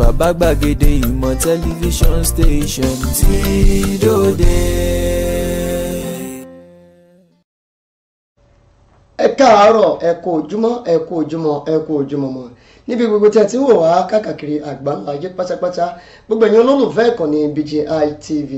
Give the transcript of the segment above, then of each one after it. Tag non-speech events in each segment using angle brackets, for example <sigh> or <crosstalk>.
bàbá gbàgede ìmọ̀ tẹlifíṣọ̀n station ti dòde. ẹ káàárọ̀ ẹ kú ojúmọ́ ẹ kú ojúmọ́ ẹ kú ojúmọ́ mọ́ níbi gbogbo tí a ti ń wò wá káàkiri àgbáńlá ayé pátápátá gbogbo ẹ̀yin olólùfẹ́ ìkànnì BGI TV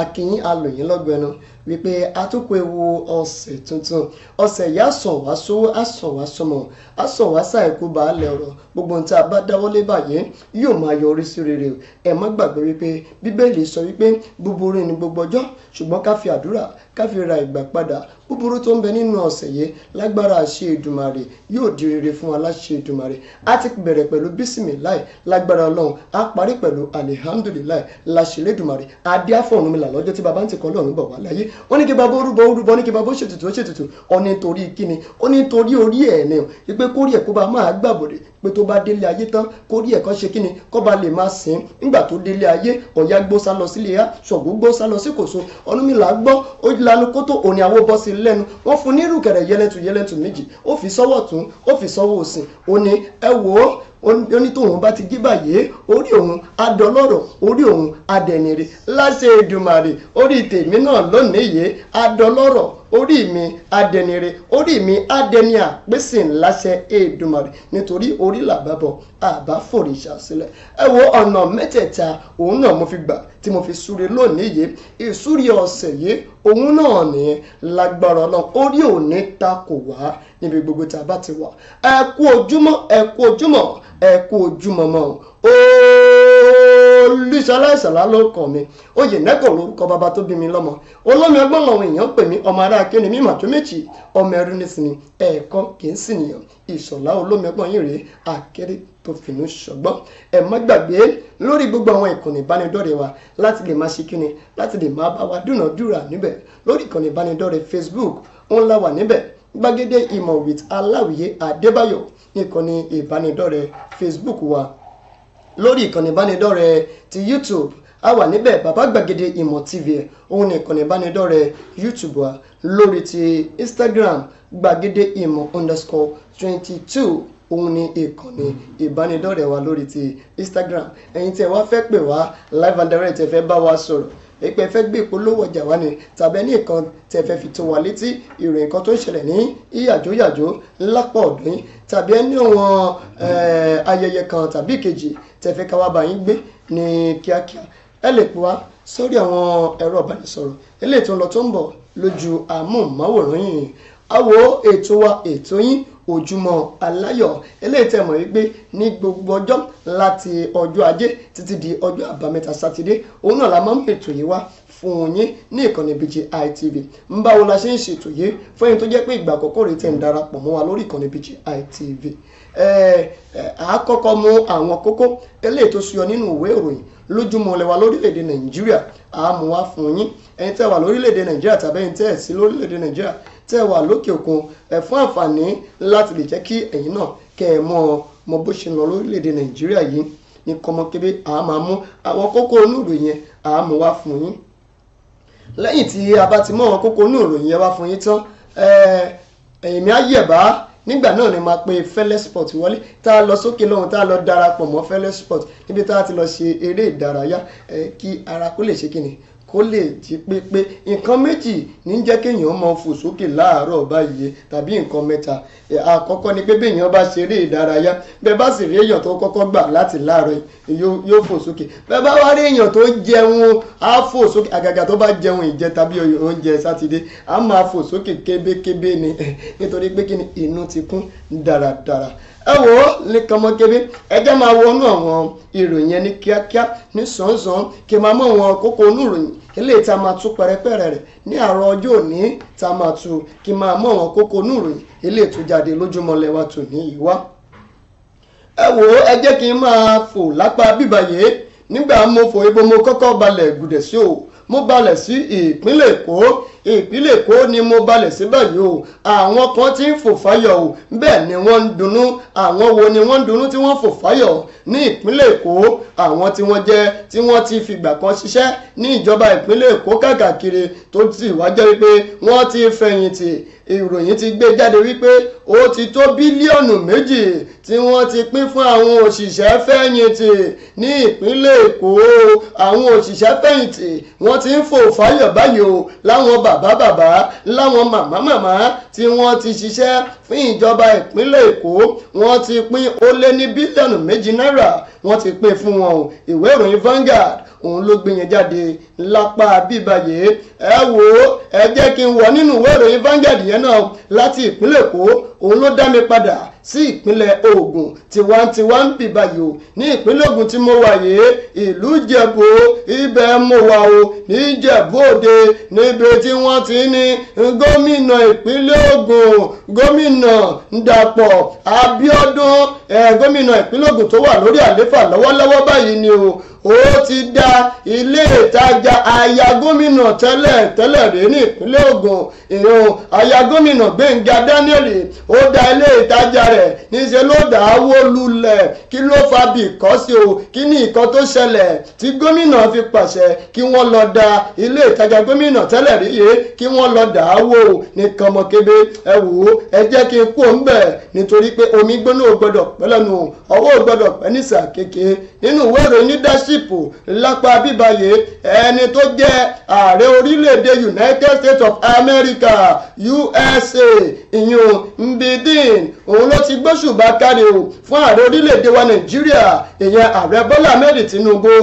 akínyìn alòyìn lọ́gbẹ̀nu wípé atukọ̀ ewu ọ̀sẹ̀ tuntun ọ̀sẹ̀ yìí àsọ̀wá sówó àsọ̀wá sọmọ àsọ̀wá sàìkú baálẹ̀ ọ̀rọ̀ gbogbo ohun tí a bá dáwọ́lé báyìí yóò máa yọrí sí rere ẹ má gbàgbé wípé bíbélì sọ wípé búburú ni gbogbo ọjọ́ ṣùgbọ́n ká fi àdúrà ká fi ra ìgbà padà búburú tó ń bẹ nínú ọ̀sẹ̀ yìí lágbára àṣẹ Èdùmàrè yóò di rere fún aláṣẹ Èdùmàrè a ti bẹ̀rẹ̀ pẹ̀lú bísímìláì lágbára ọlọ́run a parí pẹ̀lú alihamdulilayi láṣẹ Èdùmàrè adé àfọ̀rùnmìlà padà lọ́jọ́ tí baba ń tìkọ́ lọ́run bọ̀ wá láyé ó ní kí baba ó rúbọ ó rúbọ ó ní kí baba ó ṣètùtù ó ṣètùtù ó ní torí kíni ó ní torí orí ẹ̀ ni wípé kórì ẹ̀ kó ba máa gbàbòdè pé tó bá délé ayé tán kórì ẹ̀ kan ṣe kíni kó ba lè máa sìn nígbà tó délé ayé ọ̀yá gbó sá lọ sílé ya ṣọ̀gbó gbó sá lọ sí kòso ọ̀nùmílà gbọ́ ó lanu kótó òní àwọ̀ bọ́ sí lẹ́nu wọ́n fún nírùkẹ̀rẹ̀ yẹlẹtù yẹlẹtù méjì ó fi sọ́wọ́ tún ó fi sọ́wọ́ òsìn òní ẹ wò ó ó ní tóun bá ti jí báyìí orí òun adọlọ́rọ̀ orí òun adẹnire láṣẹ Èdùmàrè orí tèmi náà lónìí yìí adọlọ́rọ̀ orí mi adẹnire orí mi adẹnia pèsè ńláṣẹ Èdùmàrè nítorí orí làbábọ̀ àbá fòrìṣà sílẹ̀ ẹ wo ọ̀nà mẹ́tẹ̀ẹ̀ta òun náà mo fi gbà tí mo fi súre lónìí yìí ìsúre ọ̀sẹ̀ yìí òun náà ní lágbára ọlọ́run orí òní ta kò wá níbi gbogbo tá a bá ti wà ẹ kú ojúmọ́ ẹ kú ojúmọ́ mọ́ o olùṣọlá ìṣàlá ló kàn mí oyè nẹ́kọ̀ lórúkọ bàbá tó bí mi lọ́mọ olómi ọgbọ́n làwọn èèyàn pè mí ọmọ ará akéwìn mi màtó méjì ọmọ ẹrú nísìnyí ẹ̀ẹ̀kan kì í sì nìyàn ìṣọ̀lá olómi ọgbọ́n yìí rèé akéré tó fìnnú ṣọgbọ́n ẹ má gbàgbé lórí gbogbo àwọn ìkànnì ìbánidọ́rẹ̀ẹ́ wa láti lè máa ṣe kíni láti lè máa bá wa dúnàádúrà níbẹ̀ lórí ìkànnì ìbánidọ́rẹ̀ẹ́ Facebook òun la wà níbẹ̀ gbàgede ìmọ̀ with aláwìyé adébáyọ̀ ìkànnì ìbánidọ́rẹ̀ẹ́ Facebook wa lórí ìkànnì ìbánidọ́rẹ̀ẹ́ ti YouTube a wà níbẹ̀ bàbá gbàgede ìmọ̀ tv ẹ̀ òun ni ìkànnì ìbánidọ́rẹ̀ẹ́ YouTube wa lórí ti Instagram gbàgede ìmọ̀ underscore twenty two òun ni ìkànnì ìbánidọ́rẹ̀ẹ́ wa lórí ti Instagram ẹ̀yin tí ẹ wá fẹ́ pè wá live and direct ẹ fẹ́ bá wa sọ̀rọ̀ èpè fẹ́ gbé ìpolówó ọjà wá ni tàbí ní nǹkan tẹ́ fẹ́ fi tó wa létí ìròyìn kan tó ń ṣẹlẹ̀ ní ìyàjóyàjó lápá ọ̀dún tàbí ẹni àwọn ayẹyẹ kan tàbí ìkejì tẹ̀fẹ́ ká wá bá yín gbé ní kíákíá ẹ lè pè wá sórí àwọn ẹ̀rọ ìbánisọ̀rọ̀ eléyìí tó ń lọ tó ń bọ̀ lójú àmúhùnmáwòrán yìí àwo ètò wa ètò yín ojúmọ́ aláyọ̀ eléyìí wípé ní gbogbo ọjọ́ láti ọjọ́ ajé títí di ọjọ́ àbámẹ́ta sátidé òun náà la máa ń pètò yìí wá fún yín ní ìkànnì BGI TV ń báwo la ṣe ń ṣètò yìí fún ẹni tó jẹ́ pé ìgbà àkọ́kọ́ rẹ̀ ti ń darapọ̀ mọ́ wa lórí ìkànnì BGI TV àkọ́kọ́ mú àwọn kókó eléyìí tó suyọ nínú ìwé ìròyìn lójúmọ́ lẹ́wà lórílẹ̀‐èdè Nàìjíríà àmú wa fún yín ẹni tẹ́ wà lórílẹ̀‐èdè Nàìjíríà tàbí ẹni tẹ́ ẹ̀ sí lórílẹ̀‐èdè Nàìjíríà tẹ́ wà lókè òkun ẹ̀ fún àǹfààní láti lè jẹ́ kí ẹ̀yin náà kẹ́ ẹ mọ̀ mọ bó ṣe lọ lórílẹ̀ Nàìjíríà yìí ní kọ́mọkébé àmọ́ àwọn kókó onúròyìn àmú wa fún yín lẹ́yìn tí a bá ti mọ àwọn kókó inú ìròyìn yẹn wá fún yín tán èmi á nígbà náà ni máa pe fẹ́lẹ́ sport wọlé tá a lọ sókè lọ́hùn tá a lọ darapọ̀ mọ́ fẹ́lẹ́ sport níbi tá a ti lọ ṣe eré ìdárayá kí ara kó lè ṣe kíni kó lè jí pépé nǹkan méjì ní jẹ́ kéèyàn máa fò sókè láàárọ̀ báyìí tàbí nǹkan mẹ́ta àkọ́kọ́ ni pé béèyàn bá ṣeré ìdárayá bẹ́ẹ̀ bá sì rí èèyàn tó kọ́kọ́ gbà láti láàárọ̀ yóò fò sókè bẹ́ẹ̀ bá wá rí èèyàn tó jẹun á fò sókè àgàgà tó bá jẹun ìjẹ tàbí oúnjẹ sátidé á máa fò sókè kébékébé ni <laughs> nítorí pé kí ni inú ti kún dáradára ẹ wò ó nìkan mọ́kẹ́bí ẹ jẹ́ máa wọnú àwọn ìròyìn ẹni kíákíá ní sànsàn kí n máa mọ àwọn kókó oníròyìn eléyìí tá a máa tú pẹ̀rẹ́pẹ̀rẹ́ rẹ̀ ní àárọ̀ ọjọ́ òní tá a máa tú kí máa mọ àwọn kókó eléyìí tó jáde mo fò ibo mo kọ́kọ́ balẹ̀ gùdẹ̀ mo balẹ̀ sí ìpínlẹ̀ èkó ìpínlẹ̀ èkó ni mo balẹ̀ sí báyìí o àwọn kan ti ń fò fáyọ̀ o bẹ́ẹ̀ ni wọ́n ń dunnú àwọn wo ni wọ́n ń dunnú tí wọ́n fò fáyọ̀ ní ìpínlẹ̀ èkó àwọn tí wọ́n jẹ́ tí wọ́n ti fìgbà kan ṣiṣẹ́ ní ìjọba ìpínlẹ̀ èkó káàkiri tó ti wá jẹ́ wípé wọ́n ti fẹ̀yìntì ìròyìn ti gbé jáde wípé ó ti tó bílíọ̀nù méjì tí wọ́n ti pín fún àwọn òṣìṣẹ́ fẹ̀yìntì ní ìpínlẹ̀ Èkó àwọn òṣìṣẹ́ fẹ̀yìntì wọ́n ti ń fò fáyọ̀ báyìí o láwọn bàbá bàbá láwọn màmá màmá tí wọ́n ti ṣiṣẹ́ fún ìjọba ìpínlẹ̀ Èkó wọ́n ti pín ó lé ní bílíọ̀nù méjì náírà wọ́n ti pín fún wọn ìwé ìròyìn Vanguard òun ló gbé yẹn jáde lápá bíbáyé ẹ wò ó ẹ jẹ́ kí n wọ̀ nínú ìwé ìròyìn Vanguard yẹn náà láti ìpínlẹ̀ Èkó òun ló dá mi padà sí ìpínlẹ̀ Ògùn tiwantiwa ń bì báyìí o ní ìpínlẹ̀ Ògùn tí mo wà yìí ìlú Jẹ̀bú ibẹ̀ mo wà o ní Jẹ̀bú Òde níbi tí wọ́n ti ní gómìnà ìpínlẹ̀ Ògùn gómìnà Dàpọ̀ Abíọ́dún gómìnà ìpínlẹ̀ Ògùn tó wà lórí àléfà lọ́wọ́lọ́wọ́ báyìí ni o ó ti dá ilé ìtajà aya gómìnà tẹ́lẹ̀ tẹ́lẹ̀ rèé ní ìpínlẹ̀ Ògùn ìrùn aya gómìnà Gbẹ́ngà Daniel ó dá ilé ìtajà rẹ̀ bẹ̀rẹ̀ níṣẹ́ ló awo lule wó lulẹ̀ kí ló fa bí ìkọ́ sí o kí ni ìkọ́ tó ṣẹlẹ̀ tí gómìnà fi pàṣẹ kí wọ́n lọ da ilé ìtajà gómìnà tẹ́lẹ̀ rí yé kí wọ́n lọ kebe eje nìkan mọ̀kébé ẹ wò ó ẹ jẹ́ kí n kú nítorí pé omi gbóná ò gbọ́dọ̀ pẹ́ lẹ́nu ọwọ́ ò pẹ́ kéke nínú leadership lápá bíbáyé ẹni tó United States of America USA ìyún mbidin òun ó ti gbóṣùbà kárí o fún ààrẹ orílẹ̀-èdè wa nàìjíríà ìyẹn ààrẹ bọ́lá ahmed tinubu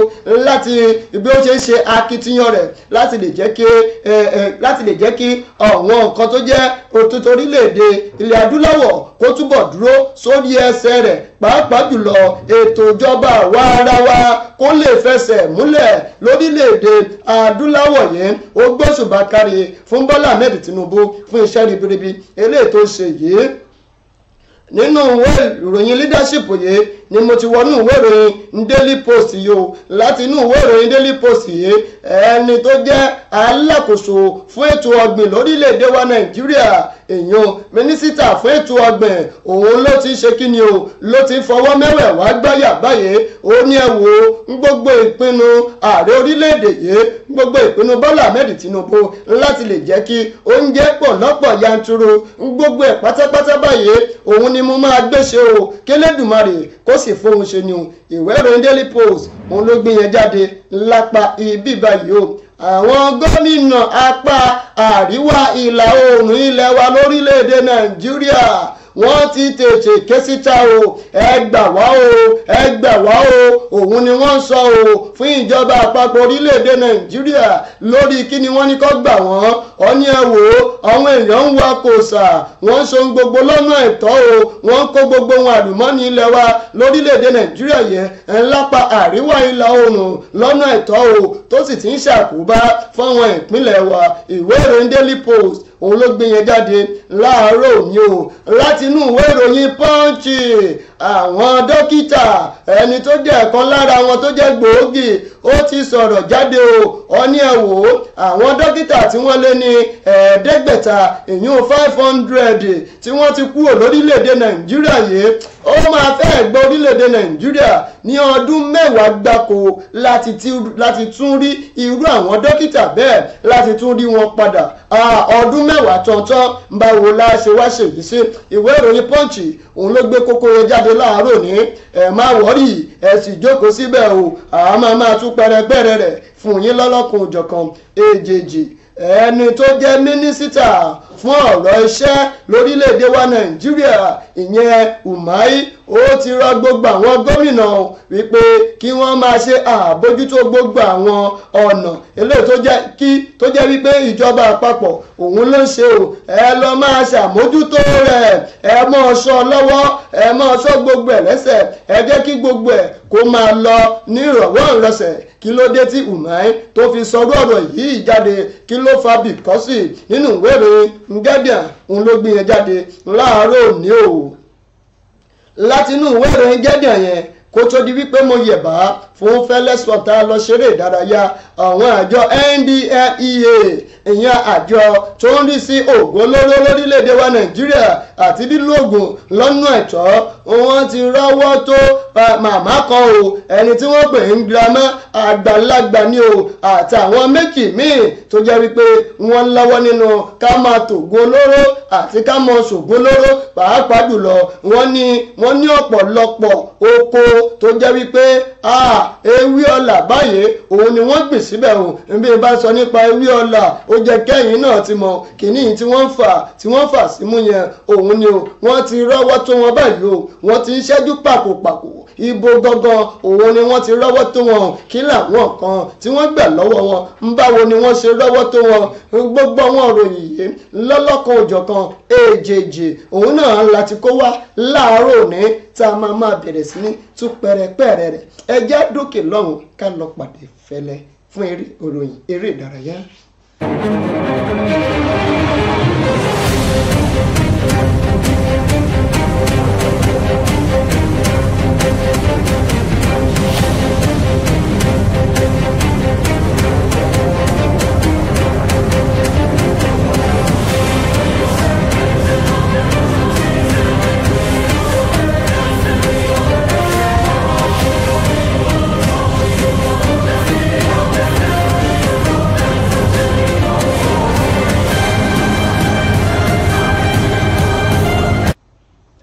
láti bí ó ṣe ń ṣe akitiyan rẹ̀ láti lè jẹ́ kí láti lè jẹ́ kí àwọn nǹkan tó jẹ́ òtútù orílẹ̀-èdè ilẹ̀ adúláwọ̀ kó túbọ̀ dúró sórí ẹsẹ̀ rẹ̀ pàápàá jùlọ ètò ìjọba àwa ara wa kó lè fẹsẹ̀ múlẹ̀ lórílẹ̀-èdè adúláwọ̀ yẹn ó gbóṣùbà kárí fún bọ́lá ahmed tinubu fún iṣẹ́ ribiribi eléyìí tó ṣe yìí nínú ìwé ìròyìn leadership yìí ni mo ti wọnú ìwé ìròyìn daily post yìí o láti inú ìwé ìròyìn daily post yìí ẹni tó jẹ́ alákòóso fún ètò ọ̀gbìn lórílẹ̀‐èdè wa nàìjíríà èèyàn mínísítà fún ètò ọ̀gbìn òun ló ti ṣe kí ni o ló ti fọwọ́ mẹ́wẹ̀ẹ́ wá gbáyà báyìí ó ní ẹ wo gbogbo ìpinnu ààrẹ orílẹ̀‐èdè yìí gbogbo ìpinnu bọ́lá ahmed tinubu láti lè jẹ́ kí oúnjẹ pọ̀ lọ́pọ̀ yanturu gbogbo ẹ̀ pátápátá báyìí òun ni mo máa gbéṣe o kélédùmarè kó sì fóun ṣe ni o ìwé ìròyìn daily post òun ló gbé yẹn jáde lápá ibi báyìí o àwọn gómìnà apá àríwá ìlà oòrùn ilẹ̀ wa lórílẹ̀‐èdè nàìjíríà wọ́n ti tètè ké síta o ẹ gbà wá o ẹ gbà wá o òun ni wọ́n ń sọ o fún ìjọba àpapọ̀ orílẹ̀-èdè nàìjíríà lórí kí ni wọ́n ní kó gbà wọ́n ọ ní ẹ wò ó àwọn èèyàn ń wa kò sà wọ́n so ń gbogbo lọ́nà ẹ̀tọ́ o wọ́n kó gbogbo wọn àlùmọ́ọ́nì ilẹ̀ wa lórílẹ̀-èdè nàìjíríà yẹn ńlá pa àríwá ìlà oòrùn lọ́nà ẹ̀tọ́ o tó sì ti ń ṣàkóbá fáwọn ìpínlẹ̀ wa ìwé ìròyìn daily post òun ló gbé yẹn jáde láàárọ̀ òní o látinú ìwé ìròyìn Punch àwọn dókítà ẹni tó jẹ́ ẹ̀kan lára wọn tó jẹ́ gbòógì ó ti sọ̀rọ̀ jáde o ọní ẹ̀ wò ó àwọn dókítà tí wọ́n lé ní ẹ̀ẹ́dẹ́gbẹ̀ta ìyún five hundred tí wọ́n ti kúrò lórílẹ̀‐èdè nàìjíríà yìí ó máa fẹ́ gbọ́ orílẹ̀‐èdè nàìjíríà ní ọdún mẹ́wàá gbáko láti tún rí irú àwọn dókítà bẹ́ẹ̀ láti tún rí wọn padà ọdún mẹ́wàá tọ̀ọ̀tọ̀ báwo la ṣe wá ṣèyí sí ìwé ìròyìn pọ́ǹchì òun ló gbé kókó jáde jáde láàárọ̀ ní ẹ̀ má wọ́rì ẹ̀ sì jókòó síbẹ̀ o àá máa máa tún pẹrẹpẹrẹ rẹ̀ fún yín lọ́lọ́kùn òjọ̀kan èjèèjì ẹni tó jẹ́ mínísítà fún ọ̀rọ̀ iṣẹ́ lórílẹ̀‐èdè wa nàìjíríà ìyẹn Umahi ó ti rọ gbogbo àwọn gómìnà wípé kí wọ́n máa ṣe àbójútó gbogbo àwọn ọ̀nà eléyìí tó jẹ́ kí tó jẹ́ wípé ìjọba àpapọ̀ òun ló ń ṣe o ẹ lọ máa ṣàmójútó rẹ̀ ẹ mọ́ ọṣọ lọ́wọ́ ẹ mọ́ ọṣọ gbogbo ẹ̀ lẹ́sẹ̀ ẹ jẹ́ kí gbogbo ẹ̀ kó máa lọ ní ìrọ̀wọ́ ìrọsẹ̀ kí ló dé tí Umahi tó fi sọ̀rọ̀ ọ̀rọ̀ yìí jáde kí ló ló fa bìkọ́sì nínú ìwé ìròyìn Guardian òun ló gbé yẹn jáde láàárọ̀ òní o látinú ìwé ìròyìn Guardian yẹn kó tó di wípé mo yẹ̀bá fún fẹ́lẹ́sọ̀ tá a lọ ṣeré ìdárayá àwọn àjọ NDLEA ìyẹn àjọ tó ń rí sí oògùn olóró lórílẹ̀‐èdè wa Nàìjíríà àti lílo oògùn lọ́nà ẹ̀tọ́ wọ́n ti rọ́wọ́ tó màmá kan o ẹni tí wọ́n pè ń gbiramá àgbàlagbà ni o àtàwọn méjì míì tó jẹ́ wípé wọ́n lọ́wọ́ nínú ká máa tògùn olóró àti ká máa ṣògùn olóró pàápàá jùlọ wọ́n ní wọ́n ní ọ̀pọ̀lọpọ̀ oko tó jẹ́ wípé ewé ọ̀là báyìí òun ni wọ́n gbìn síbẹ̀ o bí n bá sọ nípa ewé ọ̀là ó jẹ́ kẹ́yìn náà ti mọ̀ kìíní tí wọ́n fà tí wọ́n fà símú yẹn òun ni o wọ́n ti rọ́wọ́ tó wọn báyìí o wọ́n ti ń ṣẹ́jú pàkópàkó ibo gangan òun ni wọ́n ti rọ́wọ́ tó wọn kí làwọn kan tí wọ́n gbà lọ́wọ́ wọn ń báwo ni wọ́n ṣe rọ́wọ́ tó wọn gbogbo wọn ròyìn yìí lọ́lọ́kan òjọ̀kan èjèèjì òun náà láti kó wá láàárọ̀ òní tá a máa máa bẹ̀rẹ̀ sí ní tún pẹ̀rẹ̀pẹ̀rẹ̀ rẹ̀ ẹ dókè lọ́hùn ká lọ pàdé fẹ́lẹ́ fún eré ìròyìn eré ìdárayá. thank you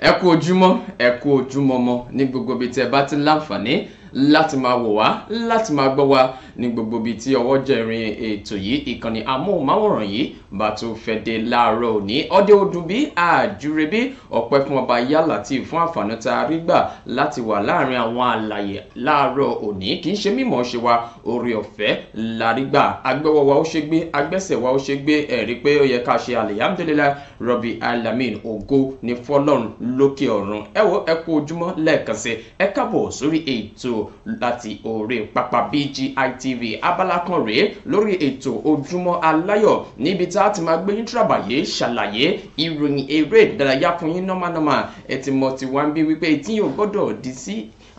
ẹ kú ojúmọ́ ẹ kú ojúmọmọ ní gbogbo ibi tí ẹ bá ti láǹfààní láti máa wò wá láti máa gbọ́ wá ní gbogbo ibi tí ọwọ́ jẹ̀rin ètò yìí ìkànnì amóhùnmáwòrán yìí bá tó fẹ́ dé láàárọ̀ òní ọdẹ ọdún bí àjúre bí ọpẹ́ fún ọba yálà tí fún àǹfààní tá a rí gbà láti wà láàrin àwọn àlàyé láàárọ̀ òní kì í ṣe mímọ̀ ṣe wa orí ọ̀fẹ́ lárígbà agbẹ́wọ́ wa ó ṣe gbé agbẹ́sẹ̀ wa ó ṣe gbé ẹ̀rí pé ó yẹ ká ṣe alihamdulilayi rọbì alamin ògo ní fọ́lọ́run lókè ọ̀run ẹ wo ẹ kú ojúmọ́ lẹ́ẹ̀kan sí ẹ káàbọ̀ sórí ètò láti orí pápá BGI TV abala kan rèé lórí ètò ojúmọ́ aláyọ̀ níbi tá a ti máa gbé yín tìràbàyè ṣàlàyé ìròyìn eré ìdárayá fún yín nọ́mánọ́mà ẹ ti mọ̀ tiwa ń bí wípé tí yóò gbọ́dọ̀ dì sí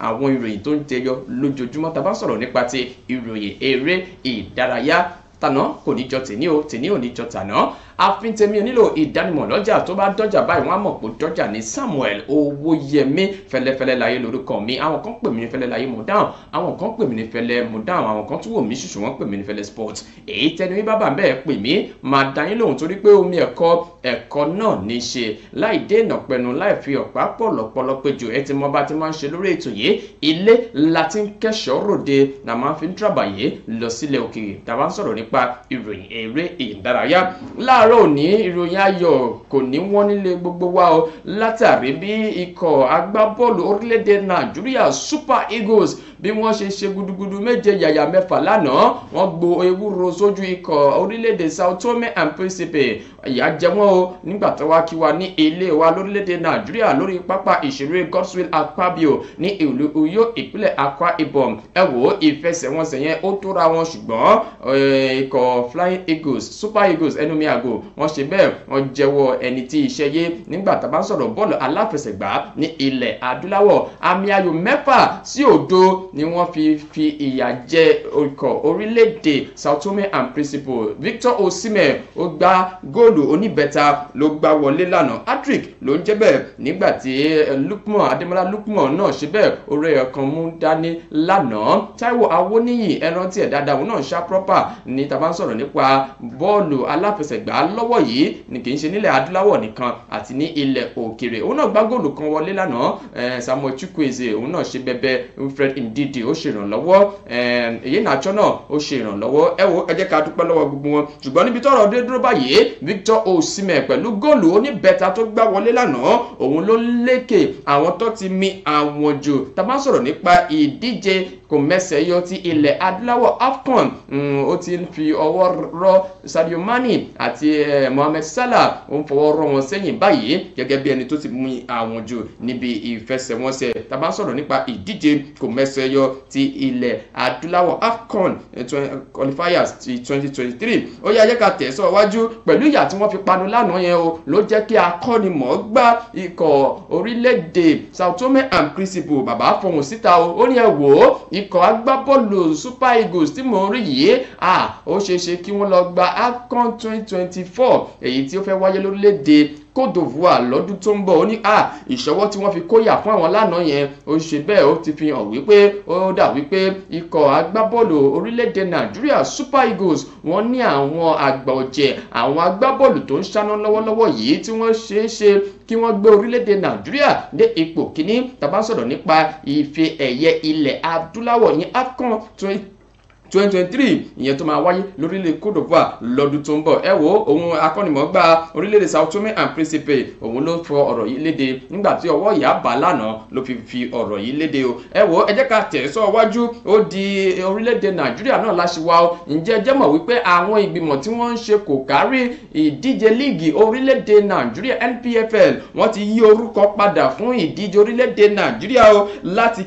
àwọn ìròyìn tó ń jẹyọ lójoojúmọ́ tá a bá sọ̀rọ̀ nípa ti ìròyìn eré ìdárayá tàná kò ní jọ tèní o tèní ò ní jọ tàná àfintẹ̀mí onílò ìdánimọ̀ lọ́jà tó bá dọ́jà báyìí wọ́n á mọ̀ pé dọ́jà ní Samuel Owóyẹmí fẹlẹ́fẹlẹ́ láyé lórúkọ mi àwọn kan pè mí ní fẹlẹ́ láyé mo dáhùn àwọn kan pè mí ní fẹlẹ́ mo dáhùn àwọn kan tún wò mí ṣùṣù wọ́n pè mí ní fẹlẹ́ sport èyí tẹnu bí bàbá bẹ́ẹ̀ pè mí máa dá yín lóhùn torí pé omi ẹ̀kọ́ ẹ̀kọ́ náà ní í ṣe láì dènà pẹnu láì fi ọ̀pá pọ̀lọ̀pọ̀lọ̀ péjọ ẹ ti mọ bá ti máa ń ṣe lórí ètò yìí ilé láti ń kẹ́ṣọ́ ròde la máa ń fi ń dàbàyè lọ sílẹ̀ òkèèrè tàbá ń sọ̀rọ̀ nípa ìròyìn eré ìdárayá láàárọ̀ òní ìròyìn ayọ̀ kò ní wọ́n nílé gbogbo wa o látàrí bí ikọ̀ agbábọ́ọ̀lù orílẹ̀-èdè Nàìjíríà Super Eagles bí wọ́n ṣe ṣe gudugudu méje yàyà mẹ́fà lánàá wọ́n gbo ewúro sójú ikọ̀ orílẹ̀-èdè Sao Tome and Principe ìyà jẹ wọ́n o nígbà tó wá kí wa ní ilé wa lórílẹ̀-èdè Nàìjíríà lórí pápá ìṣeré Godswill Akpabio ní ìlú Uyo ìpínlẹ̀ Akwa Ibom ẹ wò ó ìfẹsẹ̀wọnsẹ̀ yẹn ó tóra wọn ṣùgbọ́n eh, ikọ̀ Flying Eagles Super Eagles ẹnu mi àgò wọ́n ṣe bẹ́ẹ̀ wọ́n jẹ́wọ́ ẹni tí iṣẹ́ yé nígbà tá a bá ń sọ̀rọ̀ bọ́ọ̀lù aláfẹsẹ̀gbá ní ilẹ̀ adúláwọ̀ àmì ayò mẹ́fà sí òdo ni wọ́n fi fi ìyà jẹ ikọ̀ orílẹ̀-èdè Sao Tome and Principe Victor Osimhen ó gbá góòlù oníbẹ̀ta ló gbá wọlé lánàá Patrick ló ń jẹ́ bẹ́ẹ̀ nígbà tí eh, Lukman Adémọ́lá Lukman náà ṣe bẹ́ẹ̀ orí ọkàn mú dání lánàá Táíwò Awóníyì ẹran tiẹ̀ dáadáa òun náà ṣá proper ni tá bá ń sọ̀rọ̀ nípa bọ́ọ̀lù aláfẹsẹ̀gbá lọ́wọ́ yìí ni kì í ṣe nílẹ̀ adúláwọ̀ nìkan àti ní ilẹ̀ òkèrè òun náà gbá góòlù kan wọlé lánàá eh, Samuel Chukwueze òun náà ṣe bẹbẹ Fred Ndidi gidi ó ṣe ìrànlọ́wọ́ eh, èyí nàjọ náà ó ṣe ìrànlọ́wọ́ ẹ wo ẹ jẹ́ ká dúpẹ́ lọ́wọ́ gbogbo wọn ṣùgbọ́n níbi tọ́rọ̀ dé dúró báyìí Victor Osimhen pẹ̀lú góòlù oníbẹ̀ta tó gbá wọlé lánàá òun ló lékè àwọn tó ti mi àwọn jù tá a bá sọ̀rọ̀ nípa ìdíje kò mẹ́sẹ̀ yọ ti ilẹ̀ adúláwọ̀ afcon mm, ó ti ń fi ọwọ́ rọ sadio mani àti eh, mohammed salah ó ń fọwọ́ rọ wọn sẹ́yìn báyìí gẹ́gẹ́ bí ẹni tó ti mú àwọn jù níbi ìfẹsẹ̀wọnsẹ̀ tàbá sọ̀rọ̀ nípa ìdíje kò mẹ́sẹ̀ yọ ti ilẹ̀ adúláwọ̀ afcon eh, eh, qualifiers ti twenty twenty three ó yá yẹ́ka tẹ̀sán wájú pẹ̀lú ìyà tí wọ́n fi panu lánàá yẹn o ló jẹ́ kí akọ́nimọ̀ọ́gbá ikọ̀ orílẹ̀-èdè sao tome and principe bàbá fọhùn síta o ó ní ẹ wò ó ikọ̀ agbábọ́ọ̀lù super eagles tí mò ń rí yìí ó ṣeé ṣe kí wọ́n lọ gba AFCON twenty twenty èyí tí ó fẹ́ wáyé lórílẹ̀‐èdè Côte d'Ivoire lọ́dún tó ń bọ̀ ó ní à ìṣọwọ́ tí wọ́n fi kóyà fún àwọn lánàá yẹn ó ṣe bẹ́ẹ̀ ó ti fi hàn wípé ó dà wípé ikọ̀ agbábọ́ọ̀lù orílẹ̀-èdè Nàìjíríà Super Eagles wọ́n ní àwọn àgbà ọ̀jẹ̀ àwọn agbábọ́ọ̀lù tó ń ṣáná lọ́wọ́lọ́wọ́ yìí tí wọ́n ṣeé ṣe kí wọ́n gbé orílẹ̀-èdè Nàìjíríà dé ipò kíní tá bá sọ̀rọ̀ nípa ife ẹ̀yẹ ilẹ̀ adúláwọ̀ ní AFCON 2023 ìyẹn tó máa wáyé lórílẹ̀ Côte d'Ivoire lọ́dún tó ń bọ̀ ẹ wo òun akọ́nimọ̀ọ́gbà orílẹ̀-èdè Sao Tome and Principe òun ló fọ ọ̀rọ̀ yìí léde nígbà tí ọwọ́ ìyá bá lánàá ló fi fi ọ̀rọ̀ yìí léde o ẹ wo ẹ jẹ́ ká tẹ̀sọ́ wájú ó di orílẹ̀-èdè Nàìjíríà náà láṣì wá o ǹjẹ́ jẹ́ mọ̀ wípé àwọn ìgbìmọ̀ tí wọ́n ń ṣe kò kárí ìdíje líìgì NPFL wọ́n ti yí orúkọ padà fún ìdíje orílẹ̀-èdè Nàìjíríà o láti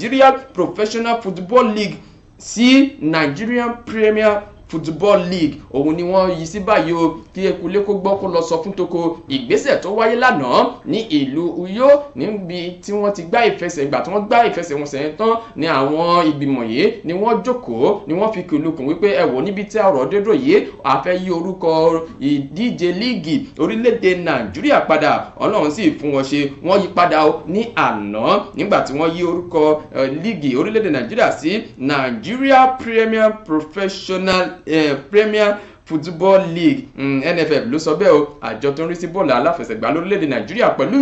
Nigeria Professional Football League see Nigerian Premier football league òun ni wọ́n yí sí báyìí o kí ekulé kó gbọ́ kó lọ sọ fún toko ìgbésẹ̀ tó wáyé lánàá ní ìlú Uyo níbi tí wọ́n ti gbá ìfẹsẹ̀ ìgbà tí wọ́n gbá ìfẹsẹ̀wọnsẹ̀ yẹn tán ni àwọn ìgbìmọ̀ yìí ni wọ́n jókòó ni wọ́n fi kìlùkùn wípé ẹ wò níbi tí ọ̀rọ̀ dédò yìí a fẹ́ yí orúkọ ìdíje líìgì orílẹ̀-èdè Nàìjíríà padà Ọlọ́run sì fún wọn ṣe wọ́n yí padà ní àná nígbà tí wọ́n yí orúkọ eh, líìgì orílẹ̀ Nàìjíríà sí Nigeria Premier Professional eh, premier football league mm, nff ló sọ bẹ́ẹ̀ o àjọ tó ń rí sí bọ́ọ̀lù aláfẹsẹ̀gbá lórílẹ̀‐èdè nàìjíríà pẹ̀lú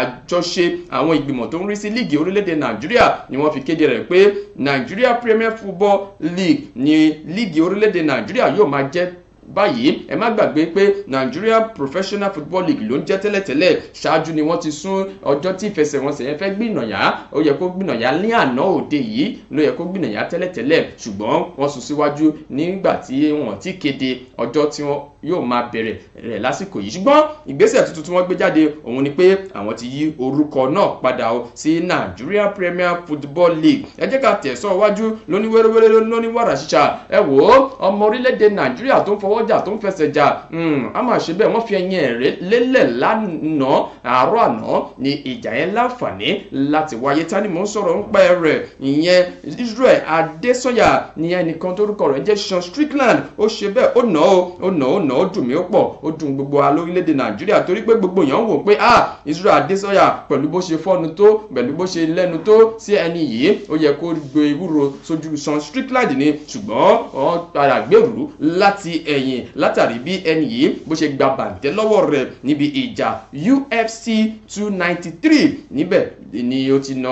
àjọṣe àwọn ìgbìmọ̀ tó ń rí sí líìgì orílẹ̀‐èdè nàìjíríà ni wọ́n fi kéde rẹ̀ pé nàìjíríà premier football league ni líìgì orílẹ̀‐èdè nàìjíríà yóò máa jẹ́ báyìí ẹ má gbàgbé pé Nigeria Professional Football League ló ń jẹ́ tẹ́lẹ̀tẹ́lẹ̀ ṣáájú ni wọ́n ti sún ọjọ́ tí ìfẹsẹ̀wọnsẹ̀ yẹn fẹ́ gbìnàyà ó yẹ kó gbìnàyà ní àná òde yìí ló yẹ kó gbìnàyà tẹ́lẹ̀tẹ́lẹ̀ ṣùgbọ́n wọ́n sún síwájú nígbà tí wọ́n ti kéde ọjọ́ tí wọ́n yóò máa bẹ̀rẹ̀ rẹ̀ lásìkò yìí ṣùgbọ́n ìgbésẹ̀ tuntun tí wọ́n gbé jáde òun ni pé àwọn ti yí orúkọ náà padà o sí Nigeria Premier Football League ẹ jẹ́ ká tẹ̀sán iwájú lóní wẹ́rẹ́wẹ́rẹ́ lóní wàrà ṣíṣà ẹ wò ó ọmọ orílẹ̀-èdè Nàìjíríà tó ń fọwọ́ jà tó ń fẹsẹ̀ jà hmm, a máa ṣe bẹ́ẹ̀ wọ́n fi ẹyin ẹ̀rẹ́ lélẹ̀ lánàá àárọ̀ àná ni ìjà yẹn láǹfààní láti wáyé ta ni mò ń sọ̀rọ̀ ń pa rẹ̀ ìyẹn Israel Adesanya ni ẹnìkan tórúkọ rẹ̀ jẹ́ Sean Strickland ó ṣe bẹ́ẹ̀ ó nà ó ó nà ó n ọ̀nà ó dùn mí ó pọ̀ ó dùn gbogbo wa lórílẹ̀‐èdè nàìjíríà torí pé gbogbo èèyàn wò pé ah Israel Adésọyà pẹ̀lú bó ṣe fọ́nu tó pẹ̀lú bó ṣe lẹ́nu tó sí ẹni yìí ó yẹ kó gbé ewúro sójú Sean Strickland ni ṣùgbọ́n ọ̀n padà gbèrú láti ẹ̀yìn látàrí bí ẹni yìí bó ṣe gba bàǹtẹ́ lọ́wọ́ rẹ̀ níbi ìjà UFC 293 níbẹ̀ ni ó ti na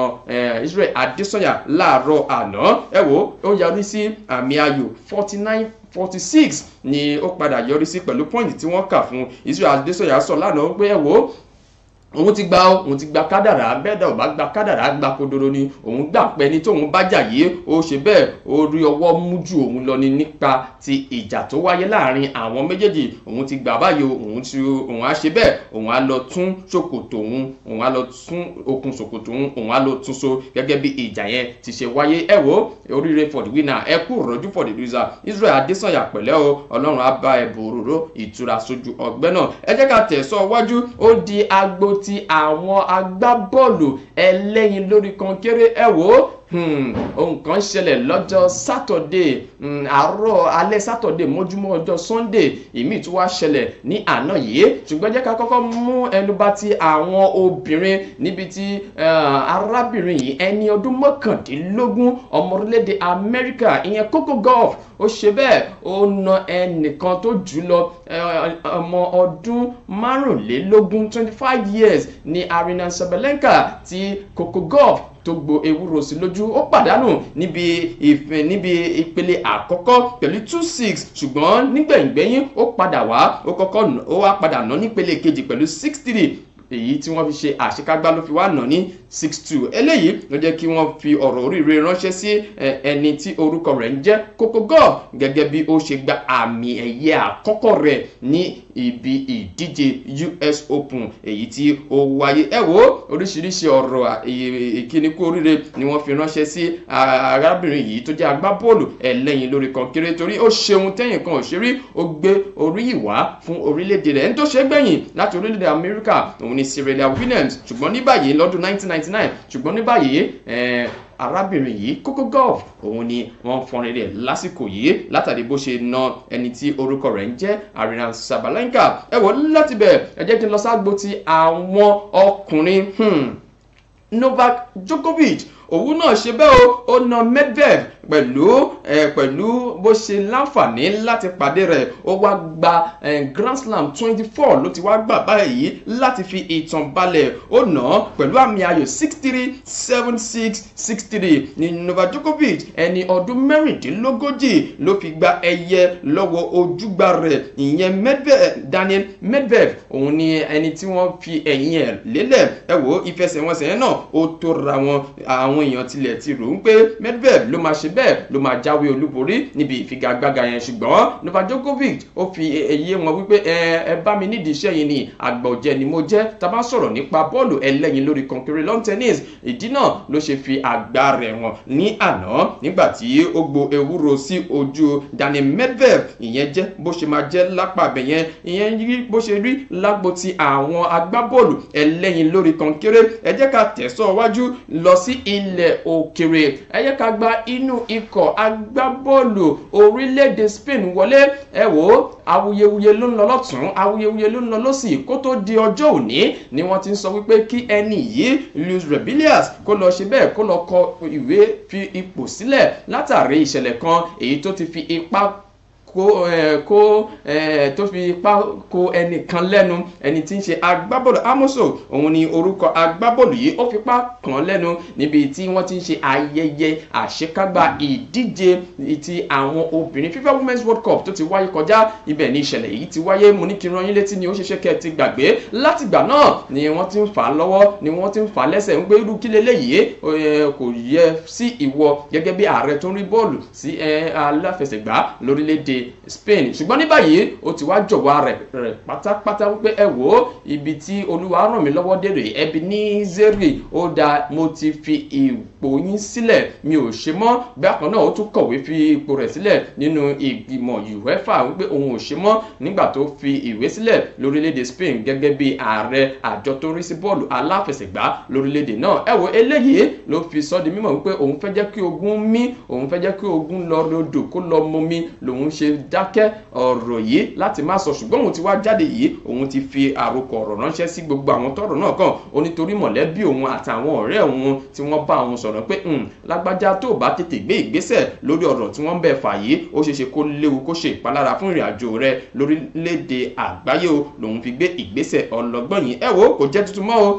Israel Adésọyà láàárọ̀ àná ẹ wo ó yarí sí àmì ayò nine forty six ni ó padà yọrí sí pẹ̀lú pọ́ìntì tí wọ́n kà fún Israel Adésọ̀yà sọ lánàá pé ẹ wò òun ti gba òun ti gba kádàrá bẹ́ẹ̀dà ò bá gba kádàrá gba kodoro ni òun gbà pé ní tóun bá jà yìí ó ṣe bẹ́ẹ̀ orí ọwọ́ mú ju òun lọ ni nípa ti ìjà tó wáyé láàrin àwọn méjèèjì òun ti gbà báyìí òun ti òun á ṣe bẹ́ẹ̀ òun á lọ tún ṣòkòtò òun òun á lọ tún okùn ṣòkòtò òun òun á lọ tún so gẹ́gẹ́ bí ìjà yẹn ti ṣe wáyé ẹ wo oríire for the winner ẹ kú rọ́jú for the loser Israel Adésànyà pẹ̀lẹ́ o ọlọ́run á bá ẹ bòròró ìtura sójú ọgbẹ́ náà ẹ jẹ́ ká tẹ̀ wájú ó di agbo ti àwọn agbábọ́ọ̀lù ẹlẹ́yin lórí kọnkéré ẹ wò ó Hmm, nǹkan ṣẹlẹ̀ lọ́jọ́ sátọ̀dé hmm, àárọ̀ alẹ́ sátọ̀dé mọ́júmọ́ ọjọ́ sọ́ndé ìmíì tún wá ṣẹlẹ̀ ní àná yìí ṣùgbọ́n jẹ́ ká kọ́kọ́ mú ẹnu bà ti àwọn obìnrin níbi tí eh, arábìnrin yìí ẹni ọdún mọ́kàndínlógún ọmọ orílẹ̀-èdè amẹ́ríkà ìyẹn Coco Gauff ó ṣe bẹ́ẹ̀ ó na ẹnìkan tó jù lọ eh, ọmọ ọdún márùnlélógún twenty five years ni Arina Sabalenka ti Coco Gauff tó gbo ewúro sí lójú ó pàdánù níbi níbi ìpele àkọ́kọ́ pẹ̀lú two six ṣùgbọ́n nígbẹ̀yìngbẹ́yìn ó padà wá ó kọ́kọ́ ó wá padà ná nípele kejì pẹ̀lú six three èyí tí wọ́n fi ṣe àṣekágbá ló fi wá nà ní six two eléyìí ló jẹ́ kí wọ́n fi ọ̀rọ̀ oríire ránṣẹ́ sí ẹni tí orúkọ rẹ̀ ń jẹ́ Koko Gold gẹ́gẹ́ bí ó ṣe gba àmì ẹ̀yẹ àkọ́kọ́ rẹ̀ ní ibi ìdíje US Open èyí tí ó wáyé ẹ wo oríṣiríṣi ọ̀rọ̀ ìkíni kú oríire ni wọ́n fi ránṣẹ́ sí arábìnrin yìí tó jẹ́ agbábọ́ọ̀lù ẹlẹ́yin lórí kọ̀ǹkéré torí ó ṣeun tẹ́yìn kan òṣèré ó gbé orí ìwá fún orílẹ̀-èdè rẹ̀ ń tó ṣe gbẹ̀yìn láti orílẹ̀-èdè Amẹ́ríkà òun òun ni Williams ṣùgbọ́n ní báyìí lọ́dún 1999 ṣùgbọ́n ní báyìí eh, arábìnrin yìí kókó golf òun ni wọ́n fọnrin rẹ̀ lásìkò yìí látàrí bó ṣe na ẹni tí orúkọ rẹ̀ ń jẹ́ Arina Sabalenka ẹ wọ láti bẹ̀ ẹ jẹ́ kí n lọ ságbo ti àwọn ọkùnrin hmm, Novak Djokovic òun náà ṣe bẹ́ẹ̀ o ó na Medvedev pẹ̀lú pẹ̀lú bó ṣe láǹfààní láti pàdé rẹ̀ ó wá gba Grand Slam twenty four ló ti wá gbà báyìí láti fi ìtàn balẹ̀ ó nà án pẹ̀lú àmì ayò six three seven six six three ní Novak Djokovic ẹni ọdún mẹ́rìndínlógójì ló fi gba ẹyẹ lọ́wọ́ ojúgbà rẹ̀ ìyẹn Medvedev Daniel Medvedev òun ni ẹni tí wọ́n fi ẹ̀yìn ẹ̀ lélẹ̀ ẹ wò ìfẹsẹ̀wọnsẹ̀ náà ó tó ra wọn àwọn àwọn èèyàn tilẹ̀ ti rò ń pé Medvedev ló máa ṣe bẹ́ẹ̀ ló máa jáwé olúborí níbi ìfigagbága yẹn ṣùgbọ́n Novak Djokovic ó fi èyí wọn wípé ẹ ẹ bá mi nídìí iṣẹ́ yìí ni àgbà ọ̀jẹ̀ ni mo jẹ́ tá a bá sọ̀rọ̀ nípa bọ́ọ̀lù ẹlẹ́yin lórí kọ̀ǹkiri lawn tennis ìdí náà ló ṣe fi àgbà rẹ̀ wọn ní àná nígbà tí ó gbo ewúro sí ojú Dani Medvedev ìyẹn jẹ́ bó ṣe máa jẹ́ lápá abẹ yẹn ìyẹn rí bó ṣe rí lágbo ti àwọn agbábọ́ọ̀lù ẹlẹ́yin lórí kọ̀ǹkiri ẹ jẹ́ ilẹ̀ òkèrè ẹ yẹ ká gba inú ikọ̀ agbábọ́ọ̀lù orílẹ̀-èdè Spain wọlé ẹ wò ó awuyewuye ló ń lọ lọ́tún awuyewuye ló ń lọ lọ́sì kó tó di ọjọ́ òní ni wọ́n ti ń sọ wípé kí ẹni yìí Luis Rubiales kó lọ ṣe bẹ́ẹ̀ kó lọ kọ ìwé fi ipò sílẹ̀ látàrí ìṣẹ̀lẹ̀ kan èyí tó ti fi ipá kó ẹ kó ẹ tó fi ipá kó ẹnìkan lẹ́nu ẹni tí ń ṣe agbábọ́ọ̀lù amoso òun ni orúkọ agbábọ́ọ̀lù yìí ó fipá kàn lẹ́nu níbi tí wọ́n ti ń ṣe ayẹyẹ àṣekágbá ìdíje ti àwọn obìnrin FIFA Women's World Cup tó ti wáyé kọjá ibẹ̀ ni ìṣẹ̀lẹ̀ yìí ti wáyé mo ní kí n ran yín létí ni ó ṣeéṣe kẹ́ ẹ ti gbàgbé látìgbà náà ni wọ́n ti ń fà á lọ́wọ́ ni wọ́n ti ń fà á lẹ́sẹ̀ ń gbé irú kí leléyìí kò yẹ sí ìwọ gẹ́gẹ́ bí ààrẹ tó ń rí bọ́ọ̀lù sí aláfẹsẹ̀gbá lórílẹ̀‐èdè Spain ṣùgbọ́n ní báyìí ó ti wá jọ̀wọ́ rẹ̀ rẹ̀ pátápátá wípé ẹ wò ó ibi tí olúwa ràn mí lọ́wọ́ dèrè ẹbí ní zeri ó dáa mo ti fi ipò yín sílẹ̀ mi ò ṣe mọ́ bákan náà ó tún kọ̀wé fi ipò rẹ̀ sílẹ̀ nínú ìgbìmọ̀ uefa wípé òun ò ṣe mọ́ nígbà tó fi ìwé sílẹ̀ lórílẹ̀‐èdè Spain gẹ́gẹ́ bí ààrẹ àjọ tó ń rí sí bọ́ọ̀lù aláfẹsẹ̀gbá lórílẹ̀‐èdè náà ẹ wò eléyìí ló fi sọ di ogun mí òun fẹ́ ogun lọ lodò kó lọ mọ ṣe dákẹ́ ọ̀rọ̀ yìí láti má sọ ṣùgbọ́n òun ti wá jáde yìí òun ti fi àròkọ ọ̀rọ̀ ránṣẹ́ sí gbogbo àwọn tọ́rọ̀ náà kàn ó nítorí mọ̀lẹ́bí òun àtàwọn ọ̀rẹ́ òun tí wọ́n bá òun sọ̀rọ̀ pé hmm, lágbájá tó bá tètè gbé ìgbésẹ̀ lórí ọ̀rọ̀ tí wọ́n ń bẹ̀ fà yìí ó ṣeéṣe kó léwu kó ṣe ìpalára fún ìrìn àjò rẹ̀ lórílẹ̀‐èdè àgbáyé o lòun fi gbé ìgbésẹ̀ ọlọ́gbọ́n yìí ẹ kò jẹ́ tuntun mọ́ o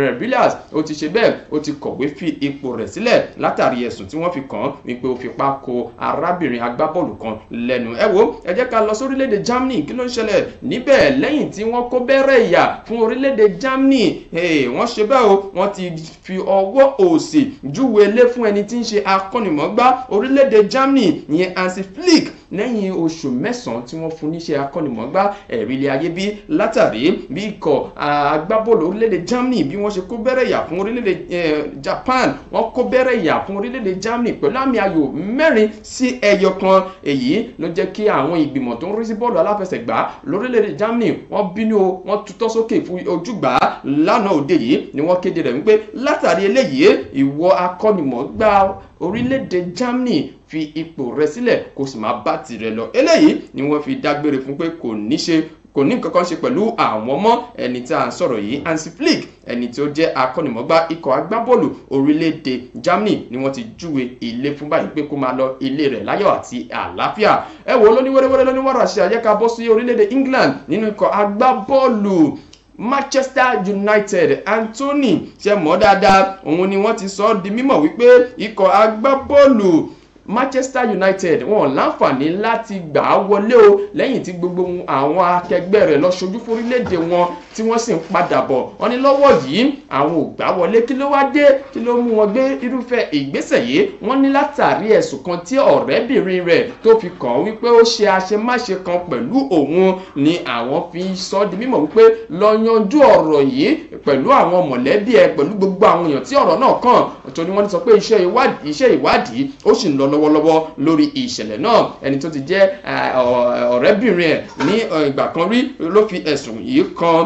Rebillias ó ti ṣe bẹ́ẹ̀ ó ti kọ̀wé fi ipò rẹ̀ sílẹ̀ látàrí ẹ̀sùn tí wọ́n fi kàn án wípé ó fipá kó arábìnrin agbábọ́ọ̀lù kan lẹ́ lẹ́nu ẹ wo ẹ jẹ́ ká lọ sí orílẹ̀-èdè Germany kí ló ń ṣẹlẹ̀ níbẹ̀ lẹ́yìn tí wọ́n kó bẹ́rẹ̀ ìyà fún orílẹ̀-èdè Germany wọ́n ṣe bẹ́ẹ̀ o wọ́n ti fi ọwọ́ òsì júwe lé fún ẹni tí ń ṣe akọ́nìmọ̀gbá orílẹ̀-èdè Germany ìyẹn Hansi Flick lẹ́yìn oṣù mẹ́sàn-án tí wọ́n fún níṣẹ́ akọ́nimọ̀ọ́gbá ẹ̀rí ilé ayé bí látàrí bí ikọ̀ agbábọ́ọ̀lù orílẹ̀-èdè Germany bí wọ́n ṣe kó bẹ́rẹ̀ ìyà fún orílẹ̀-èdè Japan wọ́n kó bẹ́rẹ̀ ìyà fún orílẹ̀-èdè Germany pẹ̀lú àmì ayò mẹ́rin sí ẹyọ kan èyí ló jẹ́ kí àwọn ìgbìmọ̀ tó ń rí sí bọ́ọ̀lù aláfẹsẹ̀gbá lórílẹ̀-èdè Germany wọ́n bínú wọ́n tutọ́ sókè fún ojúgbà lánàá òde yìí ni wọ́n kéde rẹ̀ wípé látàrí fi ipò rẹ sílẹ̀ kó sì máa bá tirẹ̀ lọ eléyìí ni wọ́n fi dágbére fún pé kò ní ṣe kò ní nǹkan ṣe pẹ̀lú àwọn mọ́ ẹni tí a ń sọ̀rọ̀ yìí Hansi Flick ẹni tí ó jẹ́ akọ́nìmọ̀gbá ikọ̀ agbábọ́ọ̀lù orílẹ̀-èdè Germany ni wọ́n ti júwe ilé fún báyìí pé kó máa lọ ilé rẹ̀ láyọ̀ àti àlàáfíà ẹ wò ó lóníwẹ́rẹ́wẹ́rẹ́ lóníwàrà ṣe àyẹ́ká bọ́ sí orílẹ̀-èdè England nínú ikọ̀ agbábọ́ọ̀lù Manchester United Anthony ṣe mọ̀ dáadáa òun ni wọ́n ti sọ ọ́ di mímọ̀ wípé ikọ̀ agbábọ́ọ̀lù Manchester United wọn láǹfààní láti gbà á wọlé o lẹ́yìn tí gbogbo àwọn akẹgbẹ́ rẹ̀ lọ ṣojú fórílẹ̀-èdè wọn tí wọ́n sì ń padà bọ̀ wọ́n ní lọ́wọ́ yìí àwọn ò gbà wọlé kí ló wá dé kí ló mú wọn gbé irúfẹ́ ìgbésẹ̀ yìí wọ́n ní látàrí ẹ̀sùn kan tí ọ̀rẹ́bìnrin rẹ̀ tó fi kàn wípé ó ṣe àṣemáṣe kan pẹ̀lú òun ni àwọn fi sọ di mímọ̀ wípé lọ yanjú ọ̀rọ̀ yìí pẹ̀lú àwọn mọ̀lẹ́bí ẹ pẹ̀lú gbogbo àwọn èèyàn tí ọ̀rọ̀ náà kàn ọ̀tọ̀ ni wọ́n ti sọ pé iṣẹ́ ìwádìí ó sì ń lọ lọ́wọ́lọ́wọ́ lórí ìṣẹ̀lẹ̀ náà ẹni tó ti jẹ́ ọ̀rẹ́bìnrin ẹ̀ ní ìgbà kan rí ló fi ẹ̀sùn yìí kan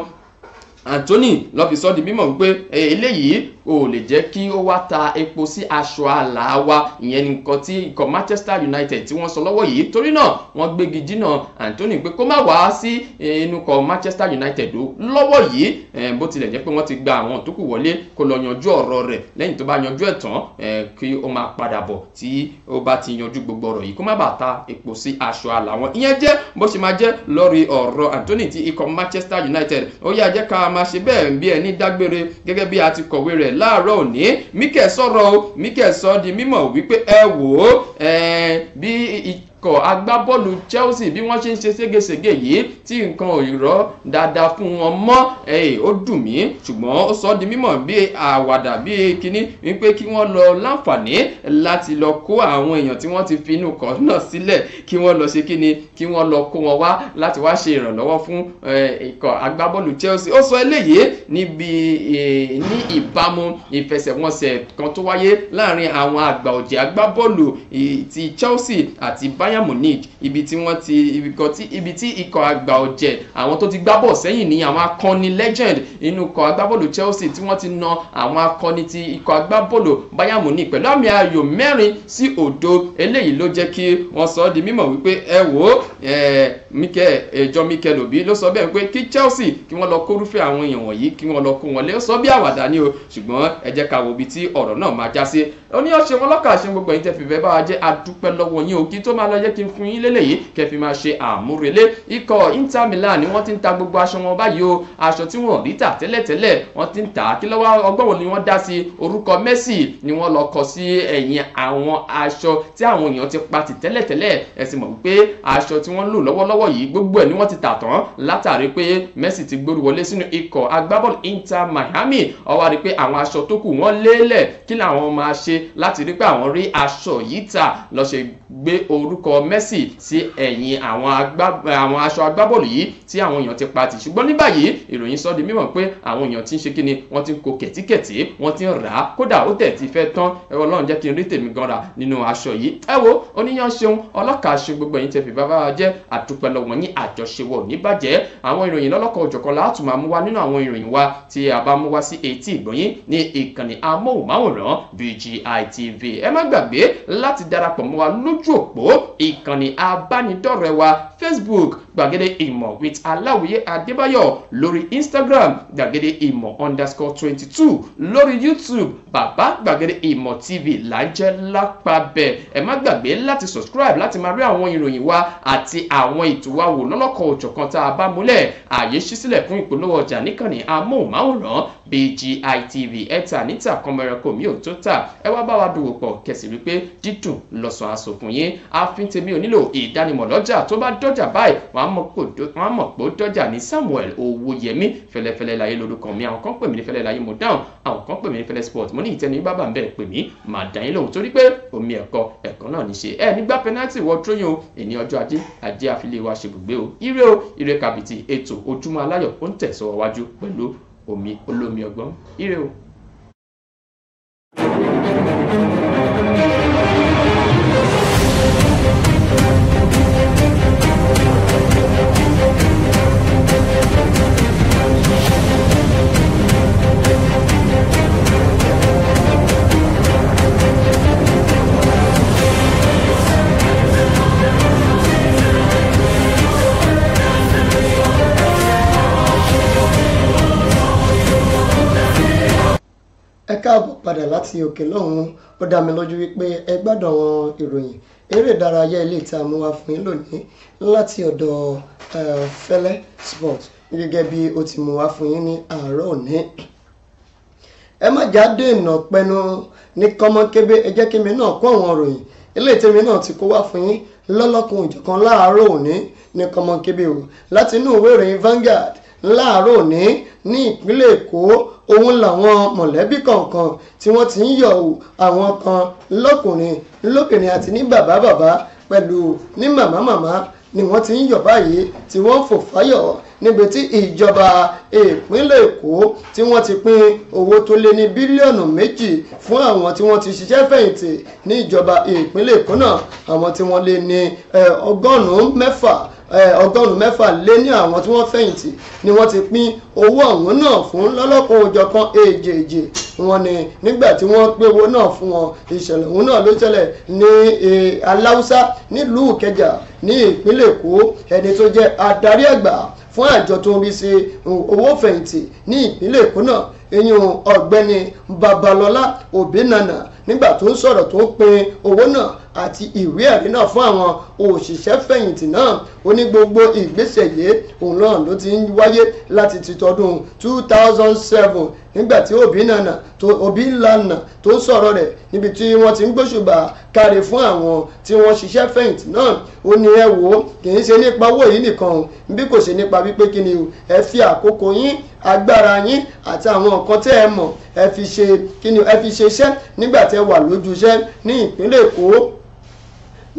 Anthony ló fi sọ di mímọ̀ wípé eléyìí o ò lè jẹ́ kí ó wá ta epo sí aṣọ àlà wa ìyẹn nìkan tí ikọ̀ Manchester United tí wọ́n sọ lọ́wọ́ yìí torí náà wọ́n gbégi dínà Anthony pé kó má wá sí inúkọ̀ Manchester United lọ́wọ́ yìí eh, bó tilẹ̀ jẹ́ pé wọ́n ti gba àwọn tó kù wọlé kó lọ yanjú ọ̀rọ̀ rẹ̀ lẹ́yìn tó bá yanjú ẹ̀ tán eh, kí ó máa padà bọ̀ tí ó bá ti yanjú gbogbo ọ̀rọ̀ yìí kó má bàa ta epo sí aṣọ àlà wọn ìyẹn jẹ́ bó ṣe máa jẹ́ lórí ọ̀rọ̀ Anthony ti ikọ̀ Manchester United ó yá jẹ́ ká máa ṣe bẹ́ẹ̀ bí ẹni dágbére gẹ́gẹ́ bí a ti kọ̀wé rẹ̀ láàárọ̀ òní Mike sọ̀rọ̀ o Mike sọ di mímọ̀ wípé ẹ wò ó bí ikọ̀ agbábọ́ọ̀lù Chelsea bí wọ́n ṣe ń ṣe ségesège yìí tí nǹkan ò rọ dáadáa fún wọn mọ́ ó dùn mí ṣùgbọ́n ó sọ di mímọ̀ bí àwàdà bí kinní wípé kí wọ́n lọ láǹfààní láti lọ kó àwọn èèyàn tí wọ́n ti fi inú kan náà sílẹ̀ kí wọ́n lọ ṣe kíni kí wọ́n lọ kó wọn wá láti wá ṣe ìrànlọ́wọ́ fún ikọ̀ agbábọ́ọ̀lù Chelsea ó sọ eléyìí níbi ní ìbámu ìfẹsẹ̀wọnsẹ̀ kan tó wáyé láàrin àwọn àgbà Bayern Munich ibi tí wọ́n ti ibi kan tí ibi tí ikọ̀ àgbà ọ̀jẹ̀ àwọn tó ti gbá bọ̀ sẹ́yìn ní àwọn akọni legend inú ikọ̀ agbábọ́ọ̀lù Chelsea tí wọ́n ti na àwọn akọni ti ikọ̀ agbábọ́ọ̀lù Bayern Munich pẹ̀lú àmì ayò mẹ́rin sí Odo. eléyìí ló jẹ́ kí wọ́n sọ ọ́ di mímọ̀ wípé ẹ wò ó mikel ẹjọ eh, mikel obi ló sọ bẹ́ẹ̀ pé kí Chelsea kí wọ́n lọ kórúfẹ́ àwọn èèyàn wọ̀nyí kí wọ́n lọ kó wọn lé sọ bí àwàdà ni o ṣùgbọ́n ẹ jẹ́ ká wo ibi tí ọ̀rọ̀ náà máa já sí ó ní ọ̀ṣẹ́ wọn lọ́kà ṣe gbogbo ẹ̀yin tẹ́ fi fẹ́ bá wa jẹ́ adúpẹ́ lọ́wọ́ yín o kí tó máa lọ jẹ́ kí n fún yín léleyìí kẹ́ fi máa ṣe àmúrelé ikọ̀ Inter Milan ni wọ́n ti ń ta gbogbo aṣọ wọn báyìí o aṣọ tí wọ́n rí tà tẹ́lẹ̀tẹ́lẹ̀ wọ́n ti ń tà á kí lọ́wọ́ ọgbọ́n wo ni wọ́n dá sí orúkọ Messi ni wọ́n lọ kọ sí ẹ̀yìn àwọn aṣọ tí àwọn èèyàn ti pa tì tẹ́lẹ̀tẹ́lẹ̀ ẹ mọ̀ wípé aṣọ tí wọ́n lò lọ́wọ́lọ́wọ́ lọ́wọ́ yìí gbogbo ẹ̀ ni wọ́n ti tà tán látàrí pé Messi ti gbórí wọlé sínú ikọ̀ agbábọ́ọ̀lù Inter Miami ó wá rí pé àwọn aṣọ tó kù wọ́n lélẹ̀ kí làwọn máa ṣe láti rí pé àwọn rí aṣọ yìí tà ló ṣe gbé orúkọ Messi sí ẹ̀yìn àwọn aṣọ agbábọ́ọ̀lù yìí tí àwọn èèyàn ti pa tì ṣùgbọ́n ní báyìí ìròyìn sọ di mímọ̀ pé àwọn èèyàn ti ń ṣe kíni wọ́n ti ń ko kẹ̀tíkẹ̀tí wọ́n ti ń rà á kódà ó tẹ̀ ti fẹ́ tán Ọlọ́run jẹ́ kí n rí tèmi gan ra nínú aṣọ yìí ẹ wo oníyanṣeun ọlọ́kàṣe gbogbo ẹ̀yin tẹ̀ fi bàbá jẹ́ àtúpẹ́ pẹ̀lú wọn ní àjọṣewọ̀ níbàjẹ́ àwọn ìròyìn lọ́lọ́kọ̀ òjọ̀kan láti máa mú wá nínú àwọn ìròyìn wa tí a bá mú wá sí etí ìgbọ̀nyín ní ìkànnì amóhùnmáwòrán BGI TV ẹ má gbàgbé láti darapọ̀ mọ́ wa lójú òpó ìkànnì abánidọ́rẹ̀ẹ́ wa Facebook gbàgede ìmọ̀ with aláwìyé adébáyọ̀ lórí instagram gbàgede ìmọ̀ underscore twenty two lórí youtube bàbá gbàgede ìmọ̀ tv là ń jẹ́ lápabẹ̀ ẹ má gbàgbé láti subscribe láti máa rí àwọn ìròyìn wa àti àwọn ètò wa wò lọ́lọ́kọ̀ òjọ̀kan tá a bá múlẹ̀ ààyè ṣí sílẹ̀ fún ìpolówó ọjà níkànnì amóhùnmáwòrán BGI TV ẹ̀ta níta kọmọẹranko mi ò tó tà ẹ wá bá wa dòwò pọ̀ kẹsì wípé dídùn lọ́sàn-án sòfin yín àfin tèmi ò nílò ìdánimọ̀ lọ́jà tó bá dọ́jà báyìí wàá àwọn mọ̀ pé ó dọ́jà ní Samuel Owóyẹmí fẹlẹfẹlẹ láyé lorúkọ mi àwọn kan pè mí ní fẹlẹ láyé mo dáhùn àwọn kan pè mí ní fẹlẹ sport mo ní ìtẹnu bábà ń bẹ̀rẹ̀ pè mí màá dá yín lóhùn torí pé omi ẹ̀kọ́ ẹ̀kọ́ náà ní ṣe ẹ nígbà pẹnátì wọ tróyìn o èní ọjọ́ ajé ajé àfilé wa ṣèbùgbé o ire o ire kàbìtì ètò ojúmọ́ aláyọ̀ ó ń tẹ̀sọ́ wájú pẹ̀lú omi olómi ọgbọ́n ire o. ẹ káàbọ̀ padà láti òkè lọ́hùn-ún ó dá mi lójú wípé ẹ gbádùn àwọn ìròyìn eré ìdárayá ilé ìta mú wá fún yín lónìí láti ọ̀dọ̀ Fẹ́lẹ́ sport gẹ́gẹ́ bí ó ti mú wá fún yín ní àárọ̀ òní. ẹ má já dènà pẹnu ní kọ́mọ́kébé ẹ jẹ́ kí mi náà kó àwọn ròyìn ilé ìtẹ̀mí náà ti kó wá fún yín lọ́lọ́kun ìjọ̀kan láàárọ̀ òní ní kọ́mọ́kébé o láti inú ìwé ìròyìn Vanguard láàárọ̀ òní ní ìpínlẹ̀ èkó òun làwọn mọ̀lẹ́bí kọ̀ọ̀kan tí wọ́n ti ń yọ̀ àwọn kan lọ́kùnrin lóbìnrin àti ní bàbá bàbá pẹ̀lú ní màmá màmá ni wọ́n ti ń yọ̀ báyìí tí wọ́n fò fáyọ̀ níbi tí ìjọba ìpínlẹ̀ èkó tí wọ́n ti pín owó tó lé ní bílíọ̀nù méjì fún àwọn tí wọ́n ti ṣiṣẹ́ fẹ̀yìntì ní ìjọba ìpínlẹ̀ èkó náà àwọn tí wọ́n lé ní ọgọ́rùn-ún mẹ́fà ọgọ́rùn mẹ́fà lé ní àwọn tí wọ́n fẹ̀yìntì ni wọ́n ti pín owó ọ̀hún náà fún lọ́lọ́kan òjọ̀kan èjèèjì wọn ni nígbà tí wọ́n pé owó náà fún wọn ìṣẹ̀lẹ̀ òun náà ló ṣẹlẹ̀ ní aláùsá nílùú ìkẹjà ní ìpínlẹ̀ èkó ẹni tó jẹ́ adarí àgbà fún àjọ tó ń rí sí owó fẹ̀yìntì ní ìpínlẹ̀ èkó náà eyín ọ̀gbẹ́ni babalọ́lá òbínànà nígbà tó ń sọ̀rọ̀ tó ń pin owó náà àti ìwé ẹ̀rí náà fún àwọn òṣìṣẹ́ fẹ̀yìntì náà ó ní gbogbo ìgbésẹ̀ yìí òun náà ló ti ń wáyé láti ti tọdún two thousand seven nígbà tí òbí nànà tó òbí lànà tó ń sọ̀rọ̀ rẹ̀ níbi tí wọ́n ti ń gbóṣùbà káre fún àwọn tí wọ́n ṣiṣẹ́ fẹ̀yìntì náà ó ní ẹ wò ó kì í ṣe nípa owó yìí nìkan o bí kò ṣe nípa wípé kí ni o ẹ fi àkókò yín agbára yín àti àwọn nǹkan tẹ́ ẹ mọ̀ ẹ fi ṣe kí ni ẹ fi ṣe iṣẹ́ nígbà tẹ́ wà lójú iṣẹ́ ní ìpínlẹ̀ Èkó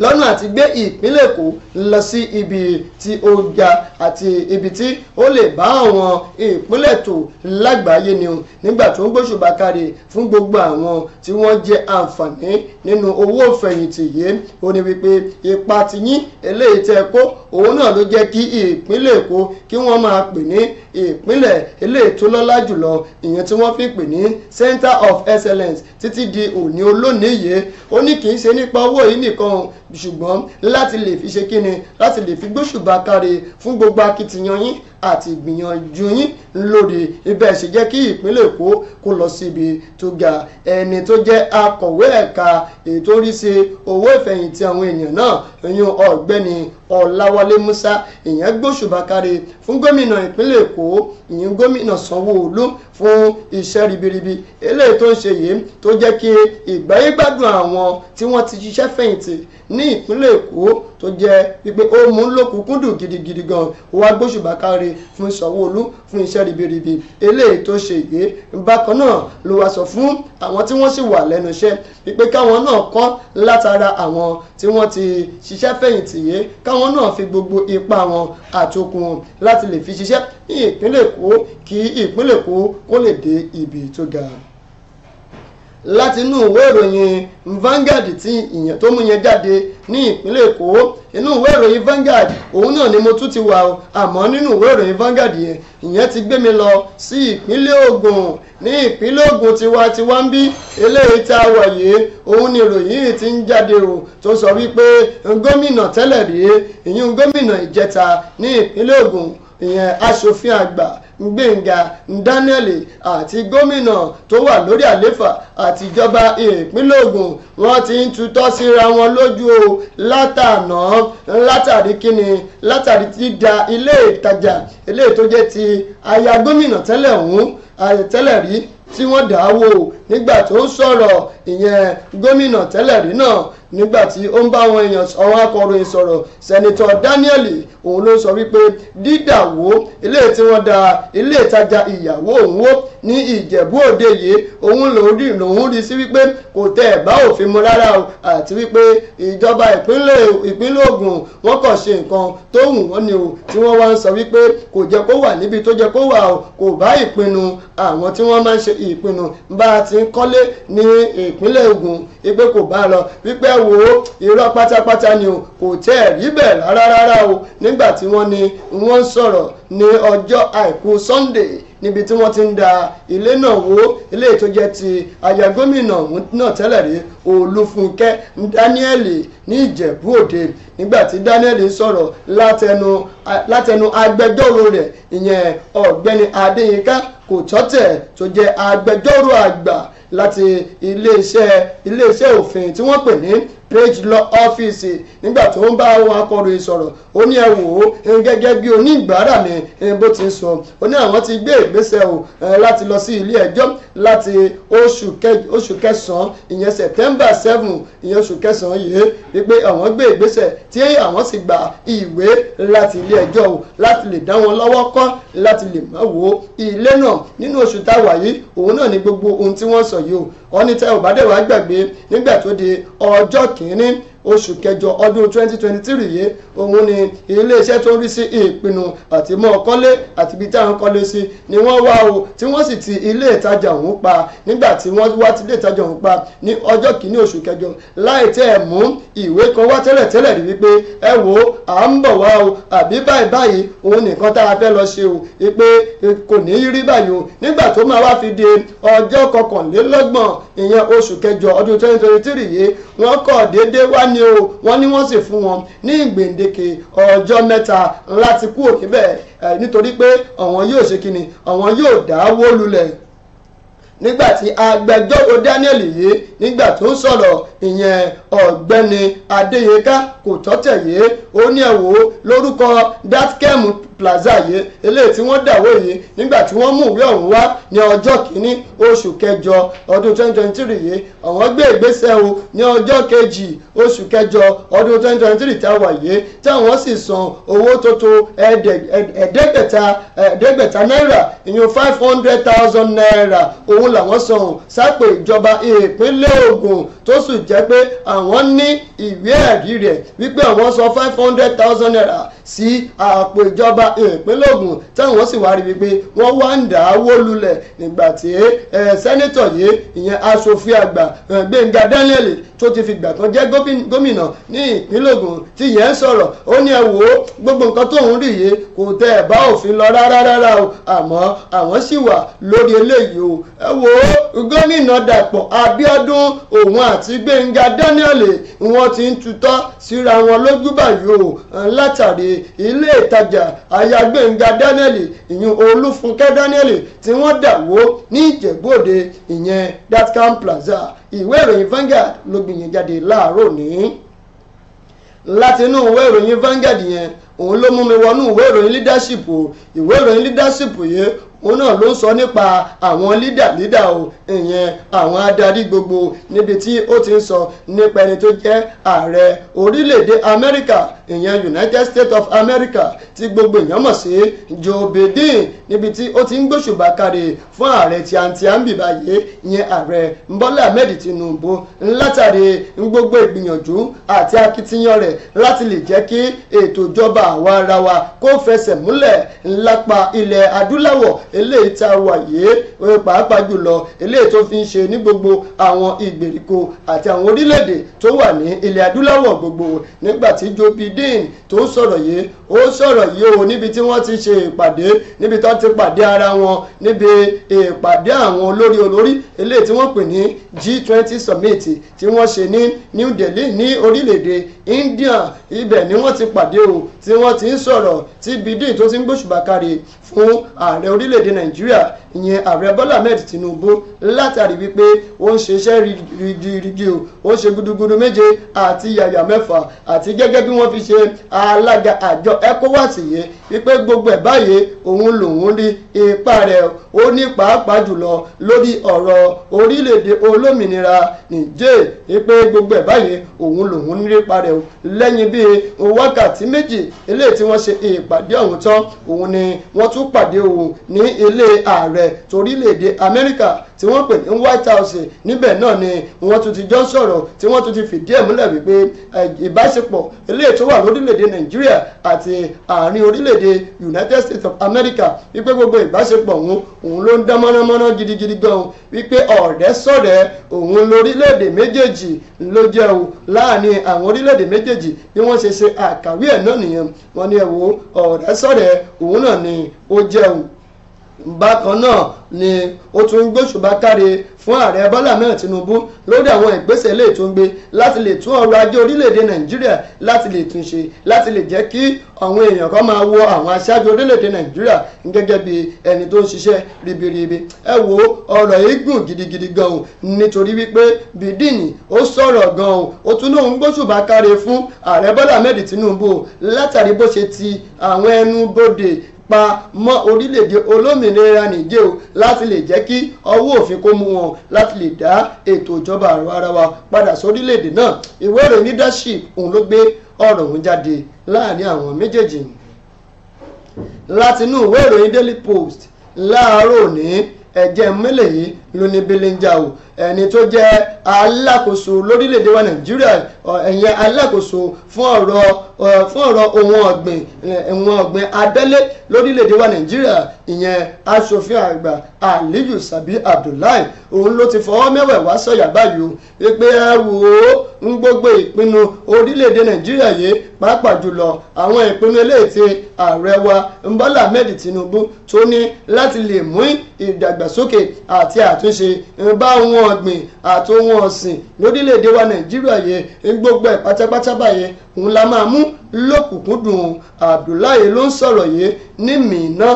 lọ́nà àti gbé ìpínlẹ̀ èkó lọ sí ibi tí ó ga àti ibi tí ó lè bá àwọn ìpínlẹ̀ tó lágbàáyé ni o nígbà tó ń gbóṣùbà kárí fún gbogbo àwọn tí wọ́n jẹ àǹfààní nínú owó ìfẹ̀yìntì yìí ó ní wípé ipa tiyín eléyìí tẹ́ kó òun náà ló jẹ́ kí ìpínlẹ̀ èkó kí wọ́n máa pè ní ìpínlẹ̀ eléyìí tó lọ́lá jùlọ ìyẹn tí wọ́n fi pè ní center of excellence títí di òní olónìí yìí ó ní kì í ṣe nípa owó yìí nìkan ṣùgbọ́n láti lè fi ṣe kíni láti lè fi gbóṣùbà káre fún gbogbo akitiyan yín àti ìgbìyànjú yín lórí ibẹ̀ ṣe jẹ́ kí ìpínlẹ̀ èkó kó lọ síbi tó ga ẹni tó jẹ́ akọ̀wé ẹ̀ka ètò oríṣi owó ìfẹ̀yìntì àwọn èèyàn náà ìyún ọ̀gbẹ́ni ọ̀làwálé musa ìyẹn gbóṣùbà kárí fún gómìnà ìpínlẹ̀ èkó ìyẹn gómìnà sanwó-olú fún iṣẹ́ ribiribi eléyìí tó ń ṣe yìí tó jẹ́ kí ìgbáyégbádùn àwọn tí wọ́n ti ṣiṣẹ́ fẹ̀yìntì ní ìpínlẹ̀ èkó tó jẹ́ wípé ó mú lòkùnkúndùn gidigidi gan ó wá gbóṣùbà káre fún Sanwó-Olú fún iṣẹ́ ribiribi eléyìí tó ṣe yìí bákan náà ló wá sọ fún àwọn tí wọ́n sì wà lẹ́nu iṣẹ́ wípé káwọn náà kọ́ látara àwọn tí wọ́n ti ṣiṣẹ́ fẹ̀yìntì yìí káwọn náà fi gbogbo ipá wọn àtokùn láti lè fi ṣiṣẹ́ ní ìpínlẹ̀ Èkó kí ìpínlẹ̀ Èkó kó lè dé ibi tó ga láti inú ìwé ìròyìn Vanguard tí ìyẹn tó mú yẹn jáde ní ìpínlẹ̀ Èkó inú ìwé ìròyìn Vanguard òun náà ni mo tún ti wà o àmọ́ nínú ìwé ìròyìn Vanguard yẹn ìyẹn ti gbé mi lọ sí ìpínlẹ̀ Ògùn ní ìpínlẹ̀ Ògùn tiwa tiwa ń bí eléyìí tá a wà yìí òun ni ìròyìn ti ń jáde o tó sọ wípé gómìnà tẹ́lẹ̀ rí ìyún gómìnà Ìjẹta ní ìpínlẹ̀ Ògùn ìyẹn aṣòfin àgbà gbẹ̀ngà dánẹ́ẹ̀lì àti gómìnà tó wà lórí àléfà àtijọba ìpínlẹ̀ Ògùn wọ́n ti ń tutọ́ síra wọn lójú o látànà látàrí kíni látàrí dídá ilé ìtajà ilé tó jẹ́ ti aya gómìnà tẹ́lẹ̀ ọ̀hún tẹ́lẹ̀ rí tí wọ́n dà á wò nígbà tó ń sọ̀rọ̀ ìyẹn gómìnà tẹ́lẹ̀ rí náà nígbà tí ó ń bá àwọn èèyàn àwọn akọ̀ròyìn sọ̀rọ̀ sẹ́nitọ́ Daniel òun ló sọ wípé dídàwó ilé tí wọ́n da ilé ìtajà ìyàwó òun wó ní Ìjẹ̀bú Òde yìí òun lòún rí lòún rí sí wípé kò tẹ ẹ̀bá òfin mu rárá o àti wípé ìjọba ìpínlẹ̀ ìpínlẹ̀ Ògùn wọ́n kàn ṣe nǹkan tó wù wọ́n ni o tí wọ́n wá ń sọ wípé kò jẹ́ kó wà níbi tó jẹ́ kó wà o kò bá ìpinnu àwọn tí wọ́n máa ń ṣe ìpinnu bá a ti ń kọ́lé ní ìpínlẹ̀ Ògùn wípé kò bá a lọ wípé wò ó irọ́ pátápátá ni o kò tẹ́ ẹ̀ rí bẹ́ẹ̀ rárá rárá o nígbà tí wọ́n ní wọ́n sọ̀rọ̀ ní ọjọ́ àìkú Sunday níbi tí wọ́n ti ń da ilé náà wó ilé tó jẹ́ ti aya gómìnà náà tẹ́lẹ̀ rí Olúfúnkẹ́ Dáníẹ́lì ní Ìjẹ̀bú Òde nígbà tí Dáníẹ́lì sọ̀rọ̀ látẹnu látẹnu agbẹjọ́rò rẹ̀ ìyẹn ọ̀gbẹ́ni Adéyínká Kòtọ́tẹ̀ tó jẹ́ agbẹjọ́rò àgbà láti iléeṣẹ́ iléeṣẹ́ òfin tí wọ́n pè ní page lọ ọ́fíìsì nígbà tó ń bá àwọn akọ̀ròyìn sọ̀rọ̀ ó ní ẹ wò ó gẹ́gẹ́ bí oníbàárà mi bó ti ń sọ ó ní àwọn ti gbé ìgbésẹ̀ o láti lọ sí ilé ẹjọ́ láti oṣù kẹsàn-án ìyẹn september seven ìyẹn oṣù kẹsàn-án yìí wípé àwọn gbé ìgbésẹ̀ tí àwọn sì gba ìwé láti ilé ẹjọ́ o láti lè dá wọn lọ́wọ́ kọ́ láti lè má wo ilé náà nínú oṣù táwa yìí òun náà ni gbogbo ohun tí wọ́n sọ yìí o ọ ní tẹ́ ò bá dẹ̀ wá gbàgbé nígbà tó di ọjọ́ kìíní oṣù kẹjọ ọdún 2023 yìí òun ni iléeṣẹ́ tó ń rí sí ìpinnu àti mọ́ ọkọ́lé àti ibi táwọn kọ́lé sí ni wọ́n wá o tí wọ́n sì ti ilé ìtajà ọ̀hún pa nígbà tí wọ́n wá ti ilé ìtajà ọ̀hún pa ní ọjọ́ kìíní oṣù kẹjọ láì tẹ́ ẹ̀ mú ìwé kan wá tẹ́lẹ̀tẹ́lẹ̀ rí wípé ẹ wo à ń bọ̀ wá o àbí báyìí báyìí òun nìkan tá a fẹ́ lọ ṣe o wípé kò ní í rí báyìí o nígbà tó máa wá fi di ọjọ́ kọkànlélọ́gbọ̀n ìyẹn oṣù kẹjọ ọdún 2023 yìí wọ́n kọ̀ déédéé wá ní ni o wọ́n ní wọ́n sì fún wọn ní ìgbèǹdeke ọjọ́ mẹ́ta láti kúrò níbẹ̀ nítorí pé àwọn yóò ṣe kíni àwọn yóò dáwó lulẹ̀ nígbàtí agbẹjọ́rò Daniel yìí nígbà tó ń sọ̀rọ̀ ìyẹn ọ̀gbẹ́ni adéyẹká kò tọ́tẹ̀ yìí ó ní ẹ̀wò lórúkọ datkem plaza yìí eléyìí tí wọ́n dàwó yìí nígbà tí wọ́n mú ìwé ọ̀hún wá ní ọjọ́ kìíní oṣù kẹjọ ọdún 2023 yìí àwọn gbé ìgbésẹ̀ o ní ọjọ́ kejì oṣù kẹjọ ọdún 2023 tá a wà yìí táwọn sì san owó tó ẹ̀ẹ́dẹ́gbẹ̀ta ẹ̀ẹ́dẹ́gbẹ̀ta náírà ìyẹn five hundred thousand naira òun làwọn san sápò ìjọba ìpínlẹ̀ Ògùn tó sì jẹ́ pé àwọn ní ìwé ẹ̀rí rẹ̀ wípé àwọn sọ five hundred thousand naira sí àpò ìjọba ìpínlẹ̀ Ògùn táwọn sì wá rí wípé wọ́n wá ń dà á wó lulẹ̀ nígbà tí sẹ́nítọ̀ yìí ìyẹn aṣòfin àgbà Gbẹ́ngà Daniel tó ti fi gbà kan jẹ́ gómìnà ní ìpínlẹ̀ Ògùn tí yẹn ń sọ̀rọ̀ ó ní ẹ wò ó gbogbo nǹkan tóun rí yìí kò tẹ́ ẹ̀ bá òfin lọ rárá rárá o àmọ́ àwọn sì wà lórí eléyìí o ẹ wò ó gómìnà Dàpọ̀ Abíọ́dún òun àti Gbẹ́ngà Daniel wọ́n ti ń tutọ́ síra wọn lójú báyìí o látàrí ilé ìtajà aya gbẹ̀ngà daniel ìyún olúfúnkẹ́ daniel tí wọ́n dà wó ní ìjẹ̀bú-òde ìyẹn datcam plaza ìwé ìròyìn Vanguard ló gbìyànjú jáde láàárọ̀ ní láti inú ìwé ìròyìn Vanguard yẹn òun ló mú mi wọnú ìwé ìròyìn leadership ìwé ìròyìn leadership yìí òun náà ló ń sọ nípa àwọn lídà lídà o ìyẹn àwọn adarí gbogbo níbi tí ó ti ń sọ nípa ẹni tó jẹ́ ààrẹ orílẹ̀-èdè Amẹ́ríkà ìyẹn United States of America tí gbogbo èèyàn mọ̀ sí Joe Biden níbi tí ó ti ń gbóṣùbà káre fún ààrẹ tiantianbi báyìí ìyẹn ààrẹ Bọ́lá Ahmed Tinubu látàrí gbogbo ìgbìyànjú àti akitiyan rẹ̀ láti lè jẹ́ kí ètò ìjọba àwa ara wa kó fẹsẹ̀ múlẹ̀ lápá ilẹ̀ adúláwọ̀ eléyìí tá a wà yìí eh, pàápàá jùlọ eléyìí tó fi ń ṣe ní gbogbo àwọn ìgbèríko àti àwọn orílẹ̀-èdè tó wà ní ilẹ̀ adúláwọ̀ gbogbo nígbà tí Joe Biden tó ń sọ̀rọ̀ yìí ó sọ̀rọ̀ yìí o níbi tí wọ́n ti ṣe ìpàdé níbi tó ti pàdé ara wọn níbi ìpàdé àwọn olórí olórí eléyìí tí wọ́n pè ní G20 summit tí wọ́n ṣe ní New Delhi ní orílẹ̀-èdè India ibẹ̀ ni wọ́n ti pàdé o tí wọ́n ti ń sọ̀rọ̀ tí Biden tó ti ń gbóṣùbà kárí fún ààrẹ orílẹ̀-èdè nàìjíríà ìyẹn ààrẹ bọ́lá ahmed tinubu látàrí wípé ó ń ṣiṣẹ́ rigirigi o ó ṣe gudugudu méje àti yàyà mẹ́fà àti gẹ́gẹ́ bí wọ́n fi ṣe alága àjọ ecowas yìí wípé gbogbo ẹ̀ báyìí òun lòun rí ipa rẹ̀ ó ní pàápàá jùlọ lórí ọ̀rọ̀ orílẹ̀-èdè olómìnira nìjẹ́ wípé gbogbo ẹ̀ báyìí òun lòun ń rí parẹ́ o lẹ́yìn bíi wákàtí méjì eléyìí tí wọ́n ṣe ìpàdé ọ̀hún tán òun ni wọ́n tún tún pàdé òun ní ilé ààrẹ torílẹ̀-èdè Amẹ́ríkà tí wọ́n pè ní White House níbẹ̀ náà ni wọ́n tún ti jọ sọ̀rọ̀ tí wọ́n tún ti fìdí ẹ̀ múlẹ̀ wípé ìbáṣepọ̀ eléyìí tó wà lórílẹ̀‐èdè Nàìjíríà àti àárín orílẹ̀‐èdè United States of America wípé gbogbo ìbáṣepọ̀ òun òun ló ń dán mọ́nàmọ́ná gidigidi gan wípé ọ̀rẹ́ sọ̀rẹ́ òun lórílẹ̀‐èdè méjèèjì ló jẹ́ o láàárín àwọn orílẹ̀‐èdè méjèèjì bí wọ́n ṣe ṣe àkàwé ẹ̀ náà nìyẹn wọ́n ní ẹ̀ wo ọ̀rẹ́ sọ̀rẹ́ òun náà ni ó jẹun bákan náà ni ó tún gbóṣùbà káre fún ààrẹ bọ́lá mẹ́rin tinubu lórí àwọn ìgbésẹ̀ lè tún gbé láti lè tún ọrọ̀ ajé orílẹ̀-èdè nàìjíríà láti lè tún ṣe láti lè jẹ́ kí àwọn èèyàn kan máa wo àwọn aṣáájú orílẹ̀-èdè nàìjíríà gẹ́gẹ́ bí ẹni tó ń ṣiṣẹ́ ribiribi ẹ wo ọ̀rọ̀ yìí gùn gidigidi gan o nítorí wípé bídìní ó sọ̀rọ̀ gan o ó tún lóun gbóṣùbà káre fún ààrẹ bọ́lá mẹ́rin tinubu látàrí bó ṣe ti àwọn ẹnu bodè pa mọ́ orílẹ̀-èdè olómìnira nìjẹ́ o láti lè jẹ́ kí ọwọ́ òfin kó mú wọn láti lè dá ètò ìjọba àwarawa padà sórílẹ̀-èdè náà ìwé ìròyìn leadership òun ló gbé ọ̀rọ̀ ọ̀hún jáde láàrin àwọn méjèèjì látinú ìwé ìròyìn daily post láàárọ̀ òní ẹ̀jẹ̀ mélèé ló ní belenja o ẹni tó jẹ́ alákòóso lórílẹ̀ wa nàìjíríà ẹ̀yẹn alákòóso fún ọ̀rọ̀ fún ọ̀rọ̀ ohun ọ̀gbìn ohun ọ̀gbìn abẹ́lé lórílẹ̀ wa nàìjíríà ìyẹn aṣòfin àgbà aliyu sabi abdullahi òun ló ti fọwọ́ mẹ́wẹ̀ẹ́wá sọ̀yà báyìí o wípé ẹ wò ó ń gbogbo ìpinnu orílẹ̀‐èdè nàìjíríà yìí pàápàá jùlọ àwọn ìpinnu eléyìí ti ààrẹ wa mbọ́lá ahmed tinubu tó ní láti lè mú ìdàgbàsókè àti àtúnṣe bá wọn ọ̀gbìn àti ohun ọ̀sìn lórílẹ̀‐èdè wa nàìjíríà yẹn gbogbo ẹ̀ pátápátá báyẹn òun la máa mú lọ́kùnkúndùn Abdullahi ló ń sọ̀rọ̀ yìí ní Mínà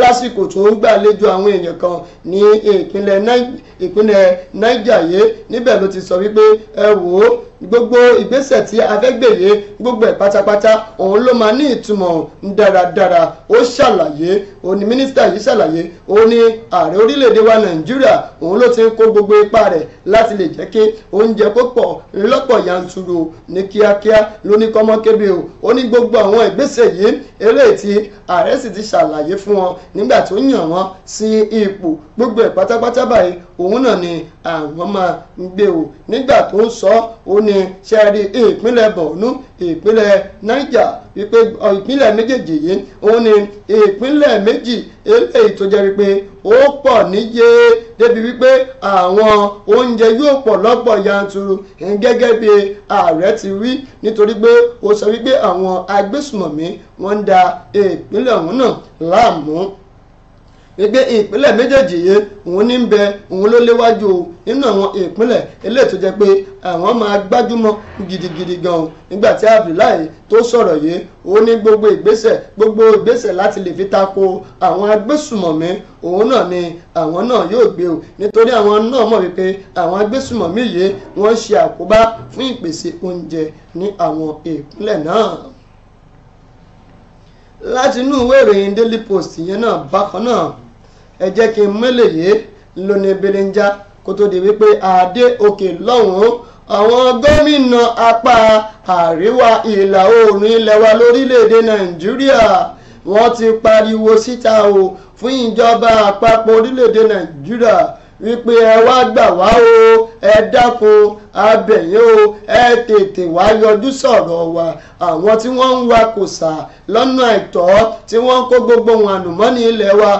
lásìkò tó ń gbàlejò àwọn èèyàn kan ní ìpínlẹ̀ Niger yìí níbẹ̀ ló ti sọ wípé ẹ wò ó gbogbo ìgbésẹ̀ tí a fẹ́ gbé yìí gbogbo ẹ̀ pátápátá òun ló máa ní ìtumọ̀ dáradára ó ṣàlàyé ó ní mínísítà yìí ṣàlàyé ó ní ààrẹ orílẹ̀-èdè wa nàìjíríà òun ló ti ń kó gbogbo ipá rẹ̀ láti lè jẹ́ kí oúnjẹ púpọ̀ lọ́pọ̀ yanturu ní kíákíá lóníkọ́mọ́kébé o ó ní gbogbo àwọn ìgbésẹ̀ yìí eléyìí tí ààrẹ sì ti ṣàlàyé fún wọn nígbà tó yàn wọ́n sí ipò gbogbo ẹ̀ pátápátá báyìí òun náà ni àwọn máa ń gbé o nígbà tó ń sọ ó ní ṣẹ́ẹ́rì ìpínlẹ̀ bọ̀ọ̀nù ìpínlẹ̀ Niger wípé ìpínlẹ̀ méjèèjì yìí òun ni ìpínlẹ̀ méjì eléyìí tó jẹ́ wípé ó pọ̀ níye débi wípé àwọn oúnjẹ yóò pọ̀ lọ́pọ̀ yanturu gẹ́gẹ́ bí ààrẹ ti wí nítorí pé ó sọ wípé àwọn agbésùmọ̀mí wọ́n ń da ìpínlẹ̀ ọ̀hún náà láàmú gbé ìpínlẹ̀ méjèèjì yìí òun ní ń bẹ òun ló léwájú o nínú àwọn ìpínlẹ̀ eléyìí tó jẹ́ pé àwọn máa gbájúmọ́ gidigidi gan o nígbà tí Abdullahi tó sọ̀rọ̀ yìí ó ní gbogbo ìgbésẹ̀ gbogbo ìgbésẹ̀ láti lè fi tako àwọn agbésùmọ̀mí òun náà ni àwọn náà yóò gbé o nítorí àwọn náà mọ̀ wípé àwọn agbésùmọ̀mí yìí wọ́n ṣe àkóbá fún ìpèsè oúnjẹ ní àwọn ìpínlẹ̀ náà látinú ìwé ìròyìn Daily Post yẹn náà bákan náà ẹ jẹ́ kí n mẹ́lẹ̀ yìí lónìí belenja kó tó di wípé adé òkè lọ́hùn-ún àwọn gómìnà apá àríwá ìlà oòrùn ilẹ̀ wa lórílẹ̀‐èdè nàìjíríà wọ́n ti pariwo síta o fún ìjọba àpapọ̀ orílẹ̀‐èdè nàìjíríà wípé ẹ wá gbà wá o ẹ dákun abẹ̀yìn o ẹ tètè wá yọjú sọ̀rọ̀ wa àwọn tí wọ́n ń wa kòsà lọ́nà àìtọ́ tí wọ́n ń kó gbogbo wọn àlùmọ́nì ilẹ̀ wa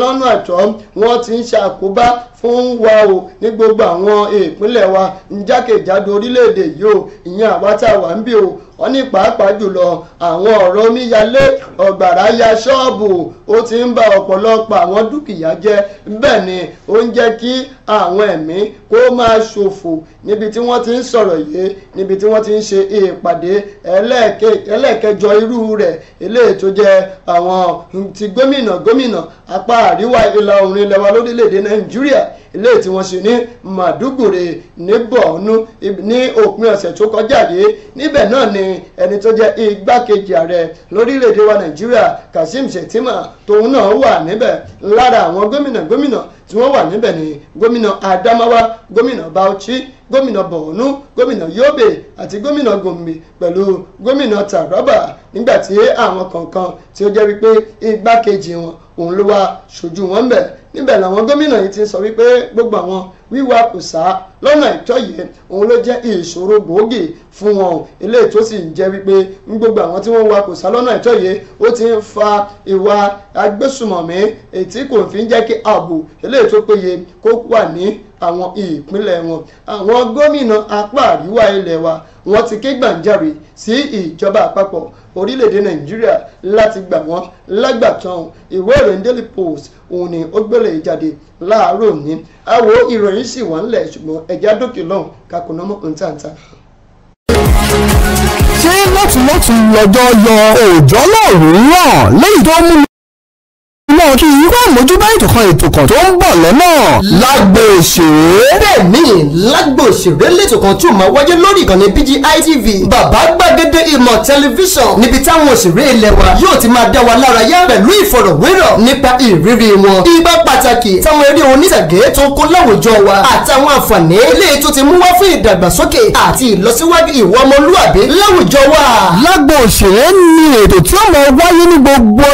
lọ́nà àìtọ́ wọ́n ti ń ṣàkóbá fún wa o ní gbogbo àwọn ìpínlẹ̀ wa níjákèjádò orílẹ̀-èdè yìí o ìyẹn àwa tá a wà ń bí o wọ́n ní pàápàá jùlọ àwọn ọ̀rọ̀ omíyalé ọ̀gbàrá ya ṣọ́ọ̀bù ó ti ń ba ọ̀pọ̀lọpọ̀ àwọn dúkìá jẹ́ bẹ́ẹ̀ ni ó ń jẹ́ kí àwọn ẹ̀mí kó máa ṣòfò níbi tí wọ́n ti ń sọ̀rọ̀ yìí níbi tí wọ́n ti ń ṣe ìpàdé ẹlẹ́ẹ̀ ẹlẹ́ẹ̀kẹjọ irú rẹ̀ eléyìí tó jẹ́ àwọn ti gómìnà gómìnà apá àríwá ìlà oòrùn ilẹ̀ wa lórílẹ̀‐èdè nàìjíríà eléyìí tí wọ́n ṣe ní màdúgbòrè ní bọ̀ọ̀nù ní òpin ọ̀sẹ̀ tó kọjá yìí níbẹ̀ náà ni ẹni tó jẹ́ igbákejì ààrẹ lórílẹ̀‐èdè wa nàìjíríà kazeem shettima tóun náà wà níbẹ̀ lára àwọn gómìnà gómìnà tí wọ́n wà níbẹ̀ ni gómìnà adamawa gómìnà bauchi gómìnà borno gómìnà yobe àti gómìnà gombe pẹ̀lú gómìnà taraba nígbàtí àwọn kọ̀ọ̀kan tí ó jẹ́ wípé igbákejì wọn òun ló wá ṣojú wọn bẹ̀ níbẹ̀ làwọn gómìnà yìí ti sọ wípé gbogbo àwọn wíwakùsà lọ́nà ìtọ́ yìí òun ló jẹ́ ìṣòro gbòógì fún wọn eléyìí tó sì ń jẹ́ wípé ń gbogbo àwọn tí wọ́n ń wakò sá lọ́nà ìtọ́ yìí ó ti ń fa ìwà agbésùmọ̀mí ètí kò fi ń jẹ́ kí ààbò eléyìí tó péye kó wà ní àwọn ìpínlẹ̀ wọn àwọn gómìnà apá àríwá ilẹ̀ wa wọ́n ti ké gbàǹjarè sí ìjọba àpapọ̀ orílẹ̀-èdè nàìjíríà láti gbà wọ́n lágbàtàn ìwé ìròyìn daily post òun ni ó gbélé ìjáde e láàárọ̀ ní àwọ̀ ìròyìn sì wà ńlẹ̀ ṣùgbọ́n ẹ̀já dókè lọ́hùn kakùnà mọ́kàn tàǹtà ṣé lọ́tùlọ́tù lọ́jọ́ yọ òòjọ́ náà rò ń lẹ́yìn tó mú mi ọlọ́run kí irú àmójúbá ètò kan ètò kan tó ń bọ̀ lọ́nà. lágbo òṣèré. bẹ́ẹ̀ ni lágbo òṣèré lẹ́tò kan tí ó máa wáyé lórí ìkànnì BGI TV bàbá gbàgede ìmọ̀ tẹlifíṣàn níbi táwọn òṣèré ilẹ̀ wa yóò ti máa dá wa lára yá pẹ̀lú ìfọ̀rọ̀wérọ̀ nípa ìrírí wọn. ibà pàtàkì táwọn eré onítàgé tó kó láwùjọ wa àtàwọn àǹfààní eléyìí tó ti mú wá fún ìdàgbàsókè àti ìlọsíwájú ìwà wa. lágbo ni ètò tí ó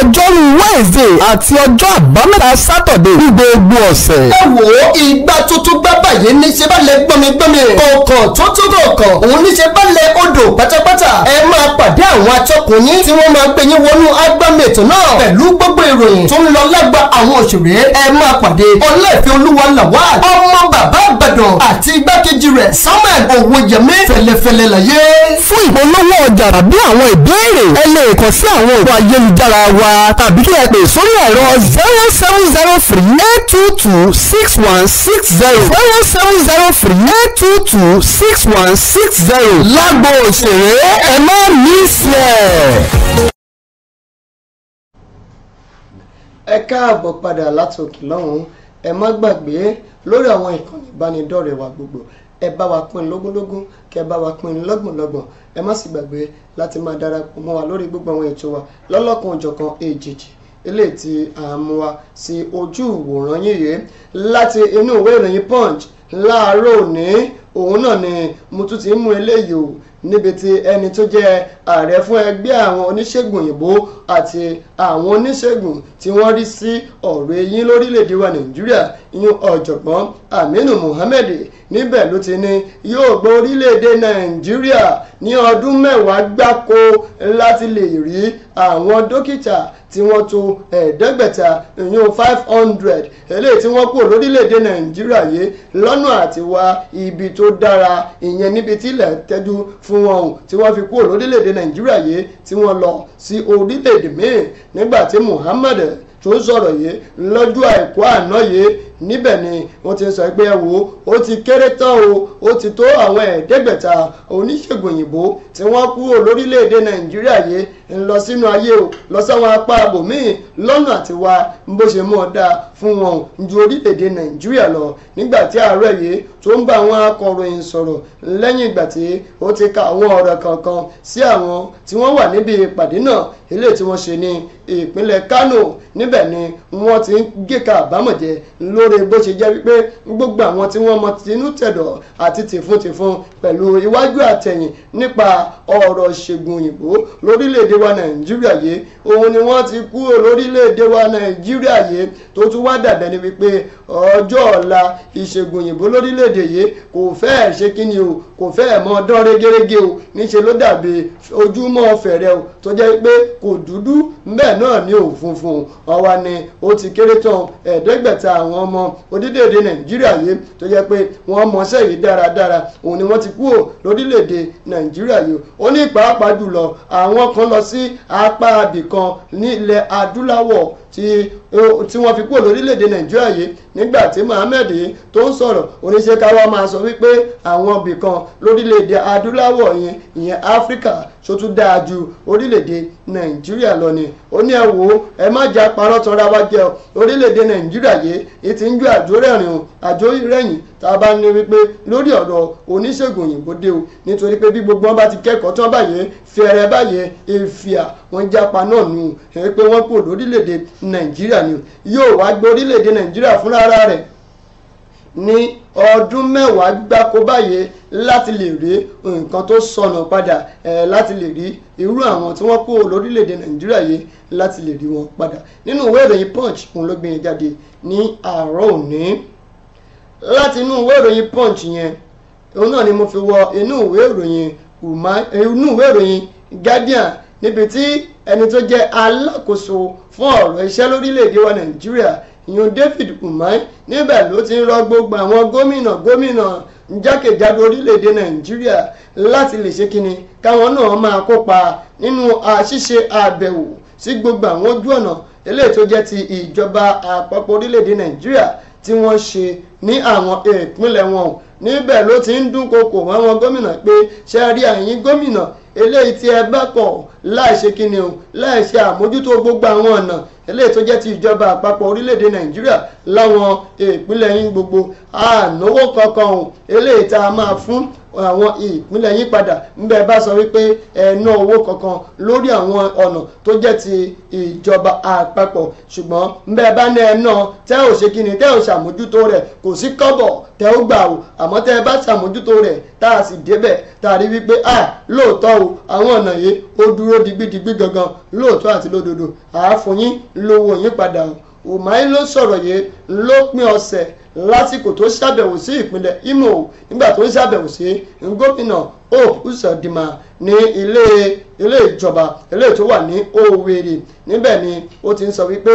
Wednesday àti àti ọjọ́ àbámẹ́ta sátọ̀dé ní gbogbo ọ̀sẹ̀. ẹ wo ìgbà tuntun gbá báyìí ní ṣe bá lẹ gbọ́mi gbọ́mi kọ̀ọ̀kan tó tó kọ̀ọ̀kan òun ní ṣe bá lẹ odò pátápátá ẹ máa pàdé àwọn atọ́kùn yín tí wọ́n máa gbé yín wọnú agbami ètò náà pẹ̀lú gbogbo ìròyìn tó ń lọ lágbà àwọn òṣèré ẹ máa pàdé ọlẹ́ẹ̀fẹ́ olúwa làwà ọmọ bàbá àbàdàn àti igbákejì rẹ̀ samuel owóyẹmí fẹlẹfẹlẹ láyé. fún ìpolówó ọjà tàbí àwọn ìbéèrè ẹ lè kàn sí àwọn òkú ayélujára wa tàbí kí ẹ pè zero seven zero three eight two two six one six zero zero seven zero three eight two two six one six zero lágbo òṣèré ẹ má miss ẹ. ẹ káàbọ̀ padà látòkè lọ́hùn-ún ẹ má gbàgbé lórí àwọn ìkànnì ìbánidọ́rẹ̀ẹ́ wa gbogbo ẹ bá wa pín lógúnlógún kẹ bá wa pín lọ́gbọ̀nlọ́gbọ̀n ẹ má sì gbàgbé láti máa darapọ̀ mọ́ wa lórí gbogbo àwọn ètò wa lọ́lọ́kan òjọ̀kan èjèèjì eléyìí tí a mú wá sí ojú ìwòran yìí rèé láti inú ìwé ìròyìn punch láàárọ̀ òní òun náà ni mo tún ti mú eléyìí o níbi tí ẹni tó jẹ́ ààrẹ fún ẹgbẹ́ àwọn oníṣègùn òyìnbó àti àwọn oníṣègùn tí wọ́n rí sí ọ̀rọ̀ eyín lórílẹ̀‐èdè wa nàìjíríà ìyún ọ̀jọ̀gbọ́n aminu muhammed níbẹ̀ ló ti ní yóò gbọ́ orílẹ̀‐èdè nàìjíríà ní ọdún mẹ́wàá gbáko láti lè rí àwọn dókítà tí wọ́n tó ẹ̀ẹ́dẹ́gbẹ̀ta ìyún five hundred eléyìí tí wọ́n kú lórílẹ̀‐èdè nàìjíríà yìí lọ́nà àti wá ibi tó dára ìyẹn níbi tí ilẹ̀ tẹ́jú fún wọn o tí wọ́n fi kú lórílẹ̀‐èdè nàìjíríà yìí tí wọ́n lọ sí orílẹ̀‐èdè míì nígbà tí muhammed tó sọ̀rọ̀ yìí lọ́jọ́ àìkú àná yìí níbẹ̀ ni wọ́n ti ń sọ pé ẹ wò ó ti kéré tán o ó ti tó àwọn ẹ̀ẹ́dẹ́gbẹ̀ta oníṣègùn òyìnbó tí wọ́n kú olórílẹ̀‐èdè nàìjíríà yìí ń lọ sínú ayé o lọ sáwọn apá abòmíì lọ́nà àti wa bó ṣe mú ọ dáa fún wọn ju orílẹ̀‐èdè nàìjíríà lọ nígbà tí ààrẹ yìí tó ń bá àwọn akọ̀ròyìn sọ̀rọ̀ lẹ́yìn ìgbà tí ó ti ka àwọn ọ̀rọ̀ kankan sí àwọn tí wọ́n wà níbi ìpàdé náà ilé tí wọ́n ṣe ní ìpínlẹ̀ kánò níbẹ̀ ni wọ́n ti ń gé ka àbámọ̀jẹ́ ló lóore bó ṣe jẹ́ wípé gbogbo àwọn tí wọ́n mọ tinú tẹ̀dọ̀ àti tìfun tìfun pẹ̀lú iwájú àtẹ̀yìn nípa ọ̀rọ̀ ṣègùn òyìnbó lórílẹ̀‐èdè wa nàìjíríà yìí òun ni wọ́n ti kú lórílẹ̀‐èdè wa nàìjíríà yìí tó tún wá dàbẹ̀ ni wípé ọjọ́ ọ̀la ìṣègùn òyìnbó lórílẹ̀‐èdè yìí kò fẹ́ẹ̀ ṣe kí ni o kò fẹ́ẹ̀ mọ dán régérégé o níṣe ló dàbí ojúmọ́ fẹ̀rẹ̀ o tó jẹ́ pé kò dúdú bẹ́ẹ̀ náà ni òfunfun ọwa ni ó ti kéré tán ẹ̀ẹ́dẹ́gbẹ̀ta àwọn ọmọ mọ orílẹ̀-èdè nàìjíríà yìí tó jẹ́ pé wọ́n mọṣẹ́ yìí dáradára òun ni wọ́n ti kúrò lórílẹ̀-èdè nàìjíríà yìí ó ní pàápàá jùlọ àwọn kan lọ sí apá abìkan nílẹ̀ adúláwọ̀ tí wọ́n fi kúrò lórílẹ̀‐èdè nàìjíríà yìí nígbà tí mohammed yìí tó ń sọ̀rọ̀ oníṣẹ́ káwá máa sọ wípé àwọn ibìkan lórílẹ̀‐èdè adúláwọ̀ yẹn ìyẹn áfíríkà tó tún dáa ju orílẹ̀‐èdè nàìjíríà lọ ni ó ní ẹ wò ó ẹ má jà parọ́ tanra wa jẹ orílẹ̀‐èdè nàìjíríà yìí ti ń ju àjò rẹ̀rìn o àjò rẹ̀yìn tá a bá ní wípé lórí ọ̀rọ̀ oníṣègùn òyìnbó dé o nítorí pé bí gbogbo wọn bá ti kẹ́kọ̀ọ́ tán báyìí fẹ́rẹ̀ báyẹn èéfìà wọ́n jápa náà nù ẹ̀ pé wọ́n kò lórílẹ̀‐èdè nàìjíríà ni yóò wá gbé orílẹ̀‐èdè nàìjíríà fúnra rẹ̀ ní ọdún mẹ́wàá gbáko báyìí láti lè rí nǹkan tó sọnù padà láti lè rí irú àwọn tí wọ́n kó lórílẹ̀‐èdè nàìjíríà yìí láti lè rí wọn padà nínú ìwé ìròyìn punch òun ló gbìyànjú jáde ní àárọ̀ òní láti inú ìwé ìròyìn punch yẹn òun náà ni mo fi wọ inú ìwé ìròyìn ìmọ̀ inú ìwé ìròyìn Guardian níbi tí ẹni tó jẹ́ alákòóso fún ọ̀rọ̀ iṣẹ́ lórílẹ̀‐èdè wa Nàìjíríà ìyún David Umahi níbẹ̀ ló ti ń rọ gbogbo àwọn gómìnà gómìnà jákèjádò orílẹ̀‐èdè Nàìjíríà láti lè ṣe kínni káwọn náà máa kópa nínú ṣíṣe àbẹ̀wò sí gbogbo àwọn ojú ọ̀nà eléyìí tó jẹ́ ti ìjọba àpapọ̀ orílẹ̀‐èdè Nàìjíríà tí wọ́n ṣe ní àwọn ìpínlẹ̀ wọn níbẹ̀ ló ti ń dúnkokò mọ́ wọn gómìnà pé ṣe rí àyín gómìnà eléyìí tí ẹ bá kọ̀ láìṣe kíni o láìṣe àmójútó gbogbo àwọn ọ̀nà eléyìí tó jẹ́ ti ìjọba àpapọ̀ orílẹ̀-èdè nàìjíríà láwọn ìpínlẹ̀ yín gbogbo ànáwó kankan o eléyìí tá a máa fún àwọn ìpínlẹ̀ yí padà ńbẹ́ bá sọ wípé ẹ ná owó kankan lórí àwọn ọ̀nà tó jẹ́ ti ìjọba àpapọ̀ ṣùgbọ́n ńbẹ́ bá ní ẹ náà tẹ́ ò ṣe kíni tẹ́ ò ṣàmójútó rẹ̀ kò sí kọ́bọ̀ tẹ́ ó gbà o àmọ́ tẹ́ ẹ bá ṣàmójútó rẹ̀ tá a sì débẹ̀ tá a rí wípé à lóòótọ́ o àwọn ọ̀nà yìí ó dúró digbidigbi gangan lóòótọ́ àti lódodo àáfòyín lówó yín padà o òmáyé ló sọ̀rọ̀ yìí lópin ọ̀sẹ̀ lásìkò tó ṣàbẹ̀wò sí ìpínlẹ̀ Imo nígbà tó ń ṣàbẹ̀wò sí gómìnà Hope Uzodinma ní ilé ilé ìjọba ilé tó wà ní Owerri níbẹ̀ ni ó ti ń sọ wípé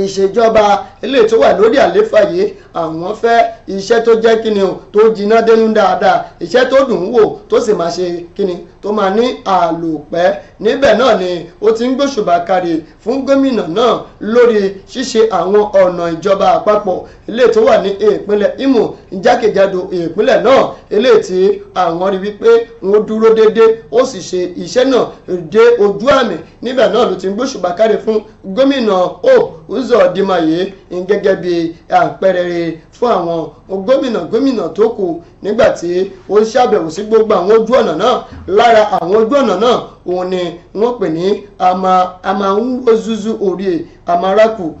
ìṣèjọba ilé tó wà lórí àléfà yìí àwọn fẹ́ iṣẹ́ tó jẹ́ kíni o tó jiná dénú dáadáa iṣẹ́ tó dùn ún wò tó sì máa ṣe kíni tó máa ní àlòpẹ́ níbẹ̀ náà ni ó ti ń gbóṣùbà kárí fún gómìnà náà lórí ṣíṣe àwọn ọ̀nà ìjọba àpapọ̀ ilé tó wà ní ìpínlẹ̀ Imo jákèjádò ìpínlẹ̀ náà ilé tí àwọn rí wípé wọn dúró déédéé ó sì ṣe iṣẹ́ náà dé ojú àmì níbẹ̀ náà ló ti ń gbóṣùbà kárí fún gómìnà Hope Uzodinma yìí gẹ́gẹ́ bí àpẹẹrẹ fún àwọn gómìnà gómìnà tó kù nígbà tí ó ṣàbẹ̀wò sí gbogbo àwọn ojú ọ̀nà náà lára àwọn ojú ọ̀nà náà òun ni wọ́n pè ní amahuwozuzu orie amaraku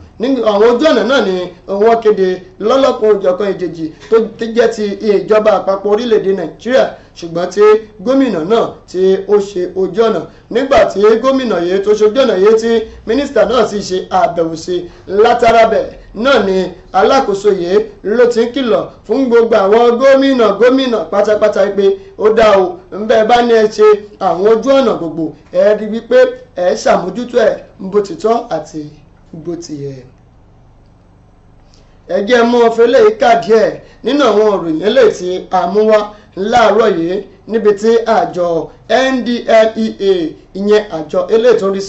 àwọn ojú ọ̀nà náà ni wọ́n kéde lọ́lọ́pọ̀ òjọ̀kan ìjèjì tó jẹ́ ti ìjọba àpapọ̀ orílẹ̀-èdè nàìjíríà ṣùgbọ́n tí gómìnà náà tí ó ṣe ojú ọ̀nà nígbà tí gómìnà yìí tó ṣojú ọ̀nà yìí tí mínísítà náà sì ṣe àbẹ̀wò sí látàrábẹ̀ náà ni alákòóso yìí ló ti ń kìlọ̀ fún gbogbo àwọn gómìnà gómìnà pátápátá pé ó dá o ń bẹ́ẹ̀ bá ní ẹ ṣe àwọn ojú ọ̀nà gbogbo gbogbo ẹ rí wípé ẹ ṣàmójútó ẹ bó ti tọ́ àti bó ti yẹ ẹ jẹ́ mọ́ fẹlẹ́ yìí kà díẹ̀ nínú àwọn ìròyìn eléyìí tí a mú wá láàárọ̀ yìí níbi tí àjọ NDLEA ìyẹn àjọ eléyìí tó ń rí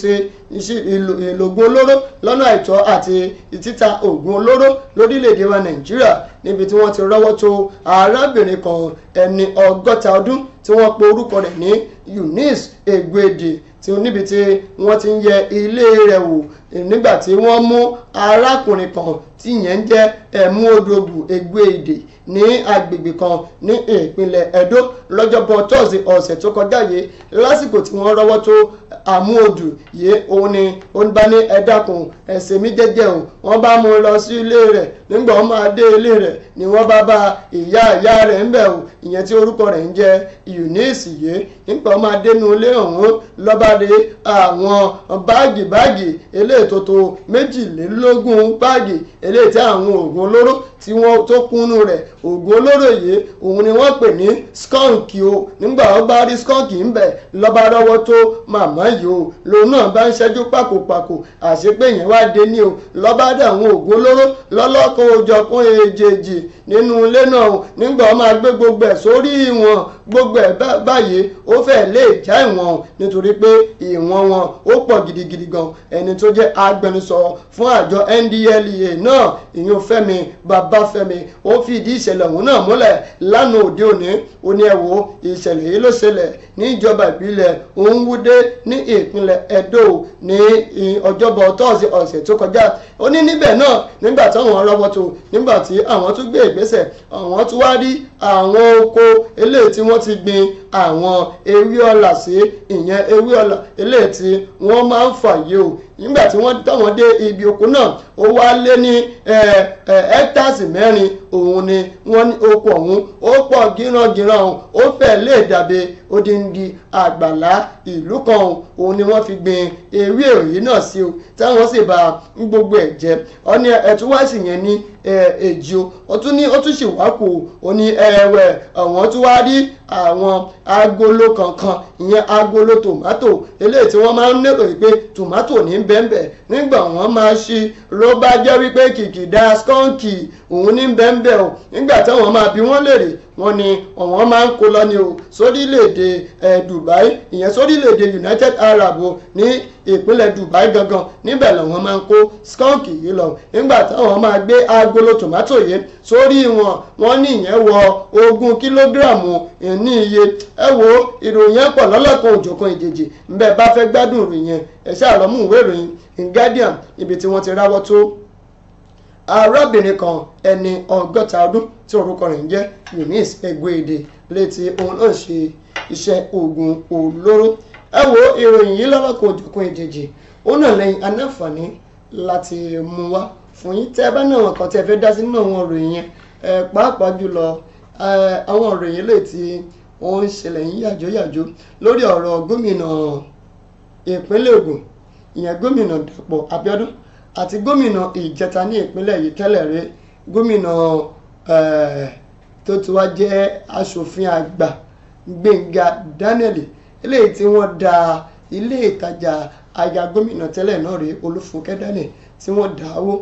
sí ìlògùn olóró lọ́nà àìtọ́ àti títà ògùn olóró lórílẹ̀‐èdè wa Nàìjíríà níbi tí wọ́n ti rọ́wọ́ tó arábìnrin kan ẹni ọgọ́ta ọdún tí wọ́n pe orúkọ rẹ̀ ní Eunice Egwedi tí níbi tí wọ́n ti ń yẹ ilé rẹ̀ wò nígbà tí wọ́n mú arákùnrin kan tí yẹn ń jẹ́ ẹ̀múodòbù egbòèdè ní agbègbè kan ní ìpínlẹ̀ Ẹdó lọ́jọ́bọ̀ tọ́sí ọ̀sẹ̀ tó kọjá yìí lásìkò tí wọ́n rọ́wọ́ tó àmúodù yìí òun ni òun bá ní ẹ dákun ẹ̀sìn mi jẹ́jẹ́ o wọ́n bá mú un lọ sí ilé rẹ̀ nígbà wọ́n máa dé ilé rẹ̀ ni wọ́n bá bá ìyá ìyá rẹ̀ ń bẹ̀ o ìyẹn tí orúkọ rẹ̀ ń jẹ́ Eunice yìí nígbà wọ́n máa dénú ilé ọ̀hún lọ́ba de àwọn báàgì báàgì eléyìí ètòtò méjìlélógún báàgì eléyìí tí àwọn oògùn olóró tí wọ́n tó kúnnú rẹ̀ oògùn olóró yìí òun ni wọ́n pè ní skunk o nígbà wọ́n bá rí skunk ń bẹ̀ lọ́ba rọ́wọ́ tó màmá yìí o lòun náà bá ń ṣẹ́jú pàkópàkó àṣepé yẹn wá dé ní o lọ́ba dà àwọn oògùn olóró lọ́lọ́kọ̀ òjọ̀kún èjèèjì nínú ilé náà o nígbà wọ́n máa gbé gbogbo ẹ̀ sórí ìwọ̀n gbogbo ẹ̀ báyìí ó fẹ́ lè já ìwọ̀n nítorí pé ìwọ̀n wọn ó pọ̀ gidigidi gan ẹni tó jẹ́ agbẹnusọ fún àjọ NDLEA náà ìyún Fẹ́mi Babáfẹ́mi ó fìdí ìṣẹ̀lẹ̀ ọ̀hún náà múlẹ̀ lánàá òde òní ó ní ẹ wò ìṣẹ̀lẹ̀ yìí ló ṣẹlẹ̀ níjọba ìbílẹ̀ òǹwúdé ní ìpínlẹ̀ Ẹdó ní ọjọ́bọ̀ tọ́sí ọ̀sẹ̀ tó kọjá ó ní níbẹ̀ náà nígbà táwọn rọ́bọ̀tò nígbà tí àwọn tún gbé ìgbésẹ̀ àwọn tún wá rí àwọn oko eléyìí tí wọ́n ti gbin àwọn ewé ọ̀là sí ìyẹn ewé ọ̀là eléyìí tí wọ́n máa ń fà yìí o nígbà tí tí wọ́n tọ̀wọ́n dé ibi òkú náà ó wá lé ní ẹ́tàsì mẹ́rin òun ni wọ́n ní oko ọ̀hún ó pọ̀ gírangíran ọ̀hún ó fẹ́ lè dàbí odindi àgbàlá ìlú kan ọ̀hún òun ni wọ́n fi gbin ewé òyìn náà sí o táwọn sì bá gbogbo ẹ̀ jẹ́ ọ ní yẹn ní èjì o ó tún ní ó tún sì wá kù ó ní ẹ̀wẹ̀ àwọn tún wá rí àwọn agolo kankan ìyẹn agolo tomato eléyìí tí wọ́n máa ń lérò pé tòmátò ní bẹ́ẹ̀nbẹ́ nígbà wọ́n máa ṣí r ló bá jẹ́ wípé kìkìdá skọ́ǹkì òun ní bẹ́ńbẹ́ o nígbà táwọn máa bi wọ́n léèrè wọ́n ní ọ̀wọ́n máa ń kó lọ ní o sórílẹ̀-èdè Dubai ìyẹn sórílẹ̀ United Arab o ní ìpínlẹ̀ Dubai gangan níbẹ̀ làwọn máa ń kó skunk yìí lọ nígbà táwọn máa gbé agolo tomato yìí sórí wọn wọ́n ní ìyẹn wọ ogún kílógíráàmù ní iye ẹ wo ìròyìn ẹ̀ pọ̀ lọ́lọ́kan òjọ̀kan ìjèjì ńbẹ bá fẹ́ gbádùn ìròyìn ẹ̀ ṣáà lọ́mú ìwé ìròyìn Guardian ibi tí wọ́n ti ráwọ́ tó arábìnrin kan ẹni ọgọ́ta ọdún tí orúkọ rẹ̀ ń jẹ́ Eunice Egwuede létí òun náà ṣe iṣẹ́ oògùn olóró ẹ wo ìròyìn yìí lọ́lọ́kọ̀ òjòkun ìjèjì òun náà lẹ́yìn anáfààní láti mú wá fún yín tẹ́ ẹ bá náà kàn tẹ́ ẹ fẹ́ dá sí nínú àwọn ìròyìn yẹn pàápàá jùlọ àwọn ìròyìn eléyìí tí ó ṣẹlẹ̀ yín yàjóyàjó lórí ọ̀rọ̀ gómìnà ìpínlẹ̀ Ògùn ìyẹn gómìnà Dàpọ̀ Abíọ́dún àti gómìnà ìjẹta ní ìpínlẹ̀ yìí tẹ́lẹ̀ rí gómìnà tó ti wá jẹ́ asòfin àgbà Gbẹ́ngà Daniel eléyìí tí wọ́n da ilé ìtajà aya gómìnà tẹ́lẹ̀ náà rí Olúfúnkẹ́ Daniel tí wọ́n dà á wó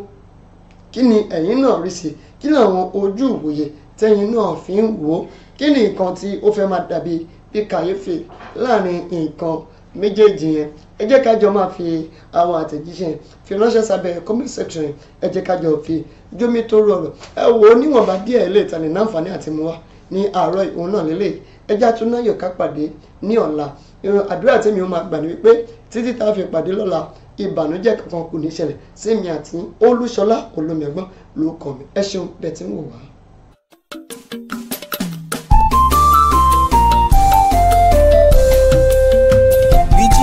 kí ni ẹ̀yin náà rí sí kí ni àwọn ojú ìwòye tẹ́yin náà fi ń wò ó kí ni nǹkan tí ó fẹ́ máa dàbí bí kàyéfì láàrin nǹkan méjèèjì yẹn ẹ jẹ́ kájọ máa fi àwọn àtẹ̀jíṣẹ́ fi ránṣẹ́ sábẹ́ comment section ẹ jẹ́ kájọ fi jómi tó rọrọ̀ ẹ wò ó níwọ̀nba díẹ̀ lè tani náǹfààní àti mú wa ní àárọ̀ òun náà lélẹ̀ ẹ já tún náà yọ̀ká pàdé ní ọ̀la ìran àdúrà tèmi ó máa gbà ní wípé títí tá a fi pàdé lọ́la ìbànújẹ́ kankan kò ní ṣẹlẹ̀ sí mi àti olúṣọlá olómiẹ̀gbọ́n ló kàn mí ẹ ṣeun bẹ́ẹ̀ tí ń wò wá.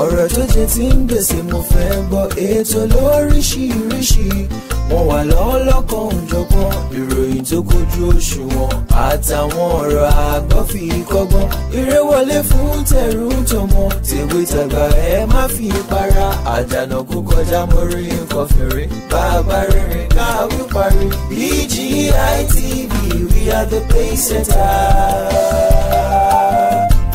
ọ̀rọ̀ tó jẹ ti ń gbèsè mo fẹ́ gbọ́ ètò lóríṣiríṣi wọ́n wà lọ́wọ́ lọ́kàn òjọ̀kan ìròyìn tó kojú òṣùwọ̀n àtàwọn ọ̀rọ̀ àgbọ́ fi kọ́gbọ́n eré wọlé fún tẹ̀rù tọmọ tèwe tàgbà ẹ má fi para àdànà kó kọjá mọ́rí nǹkan fèrè bàbá rìnrìn káwí parí BGI e TV we are the pace setters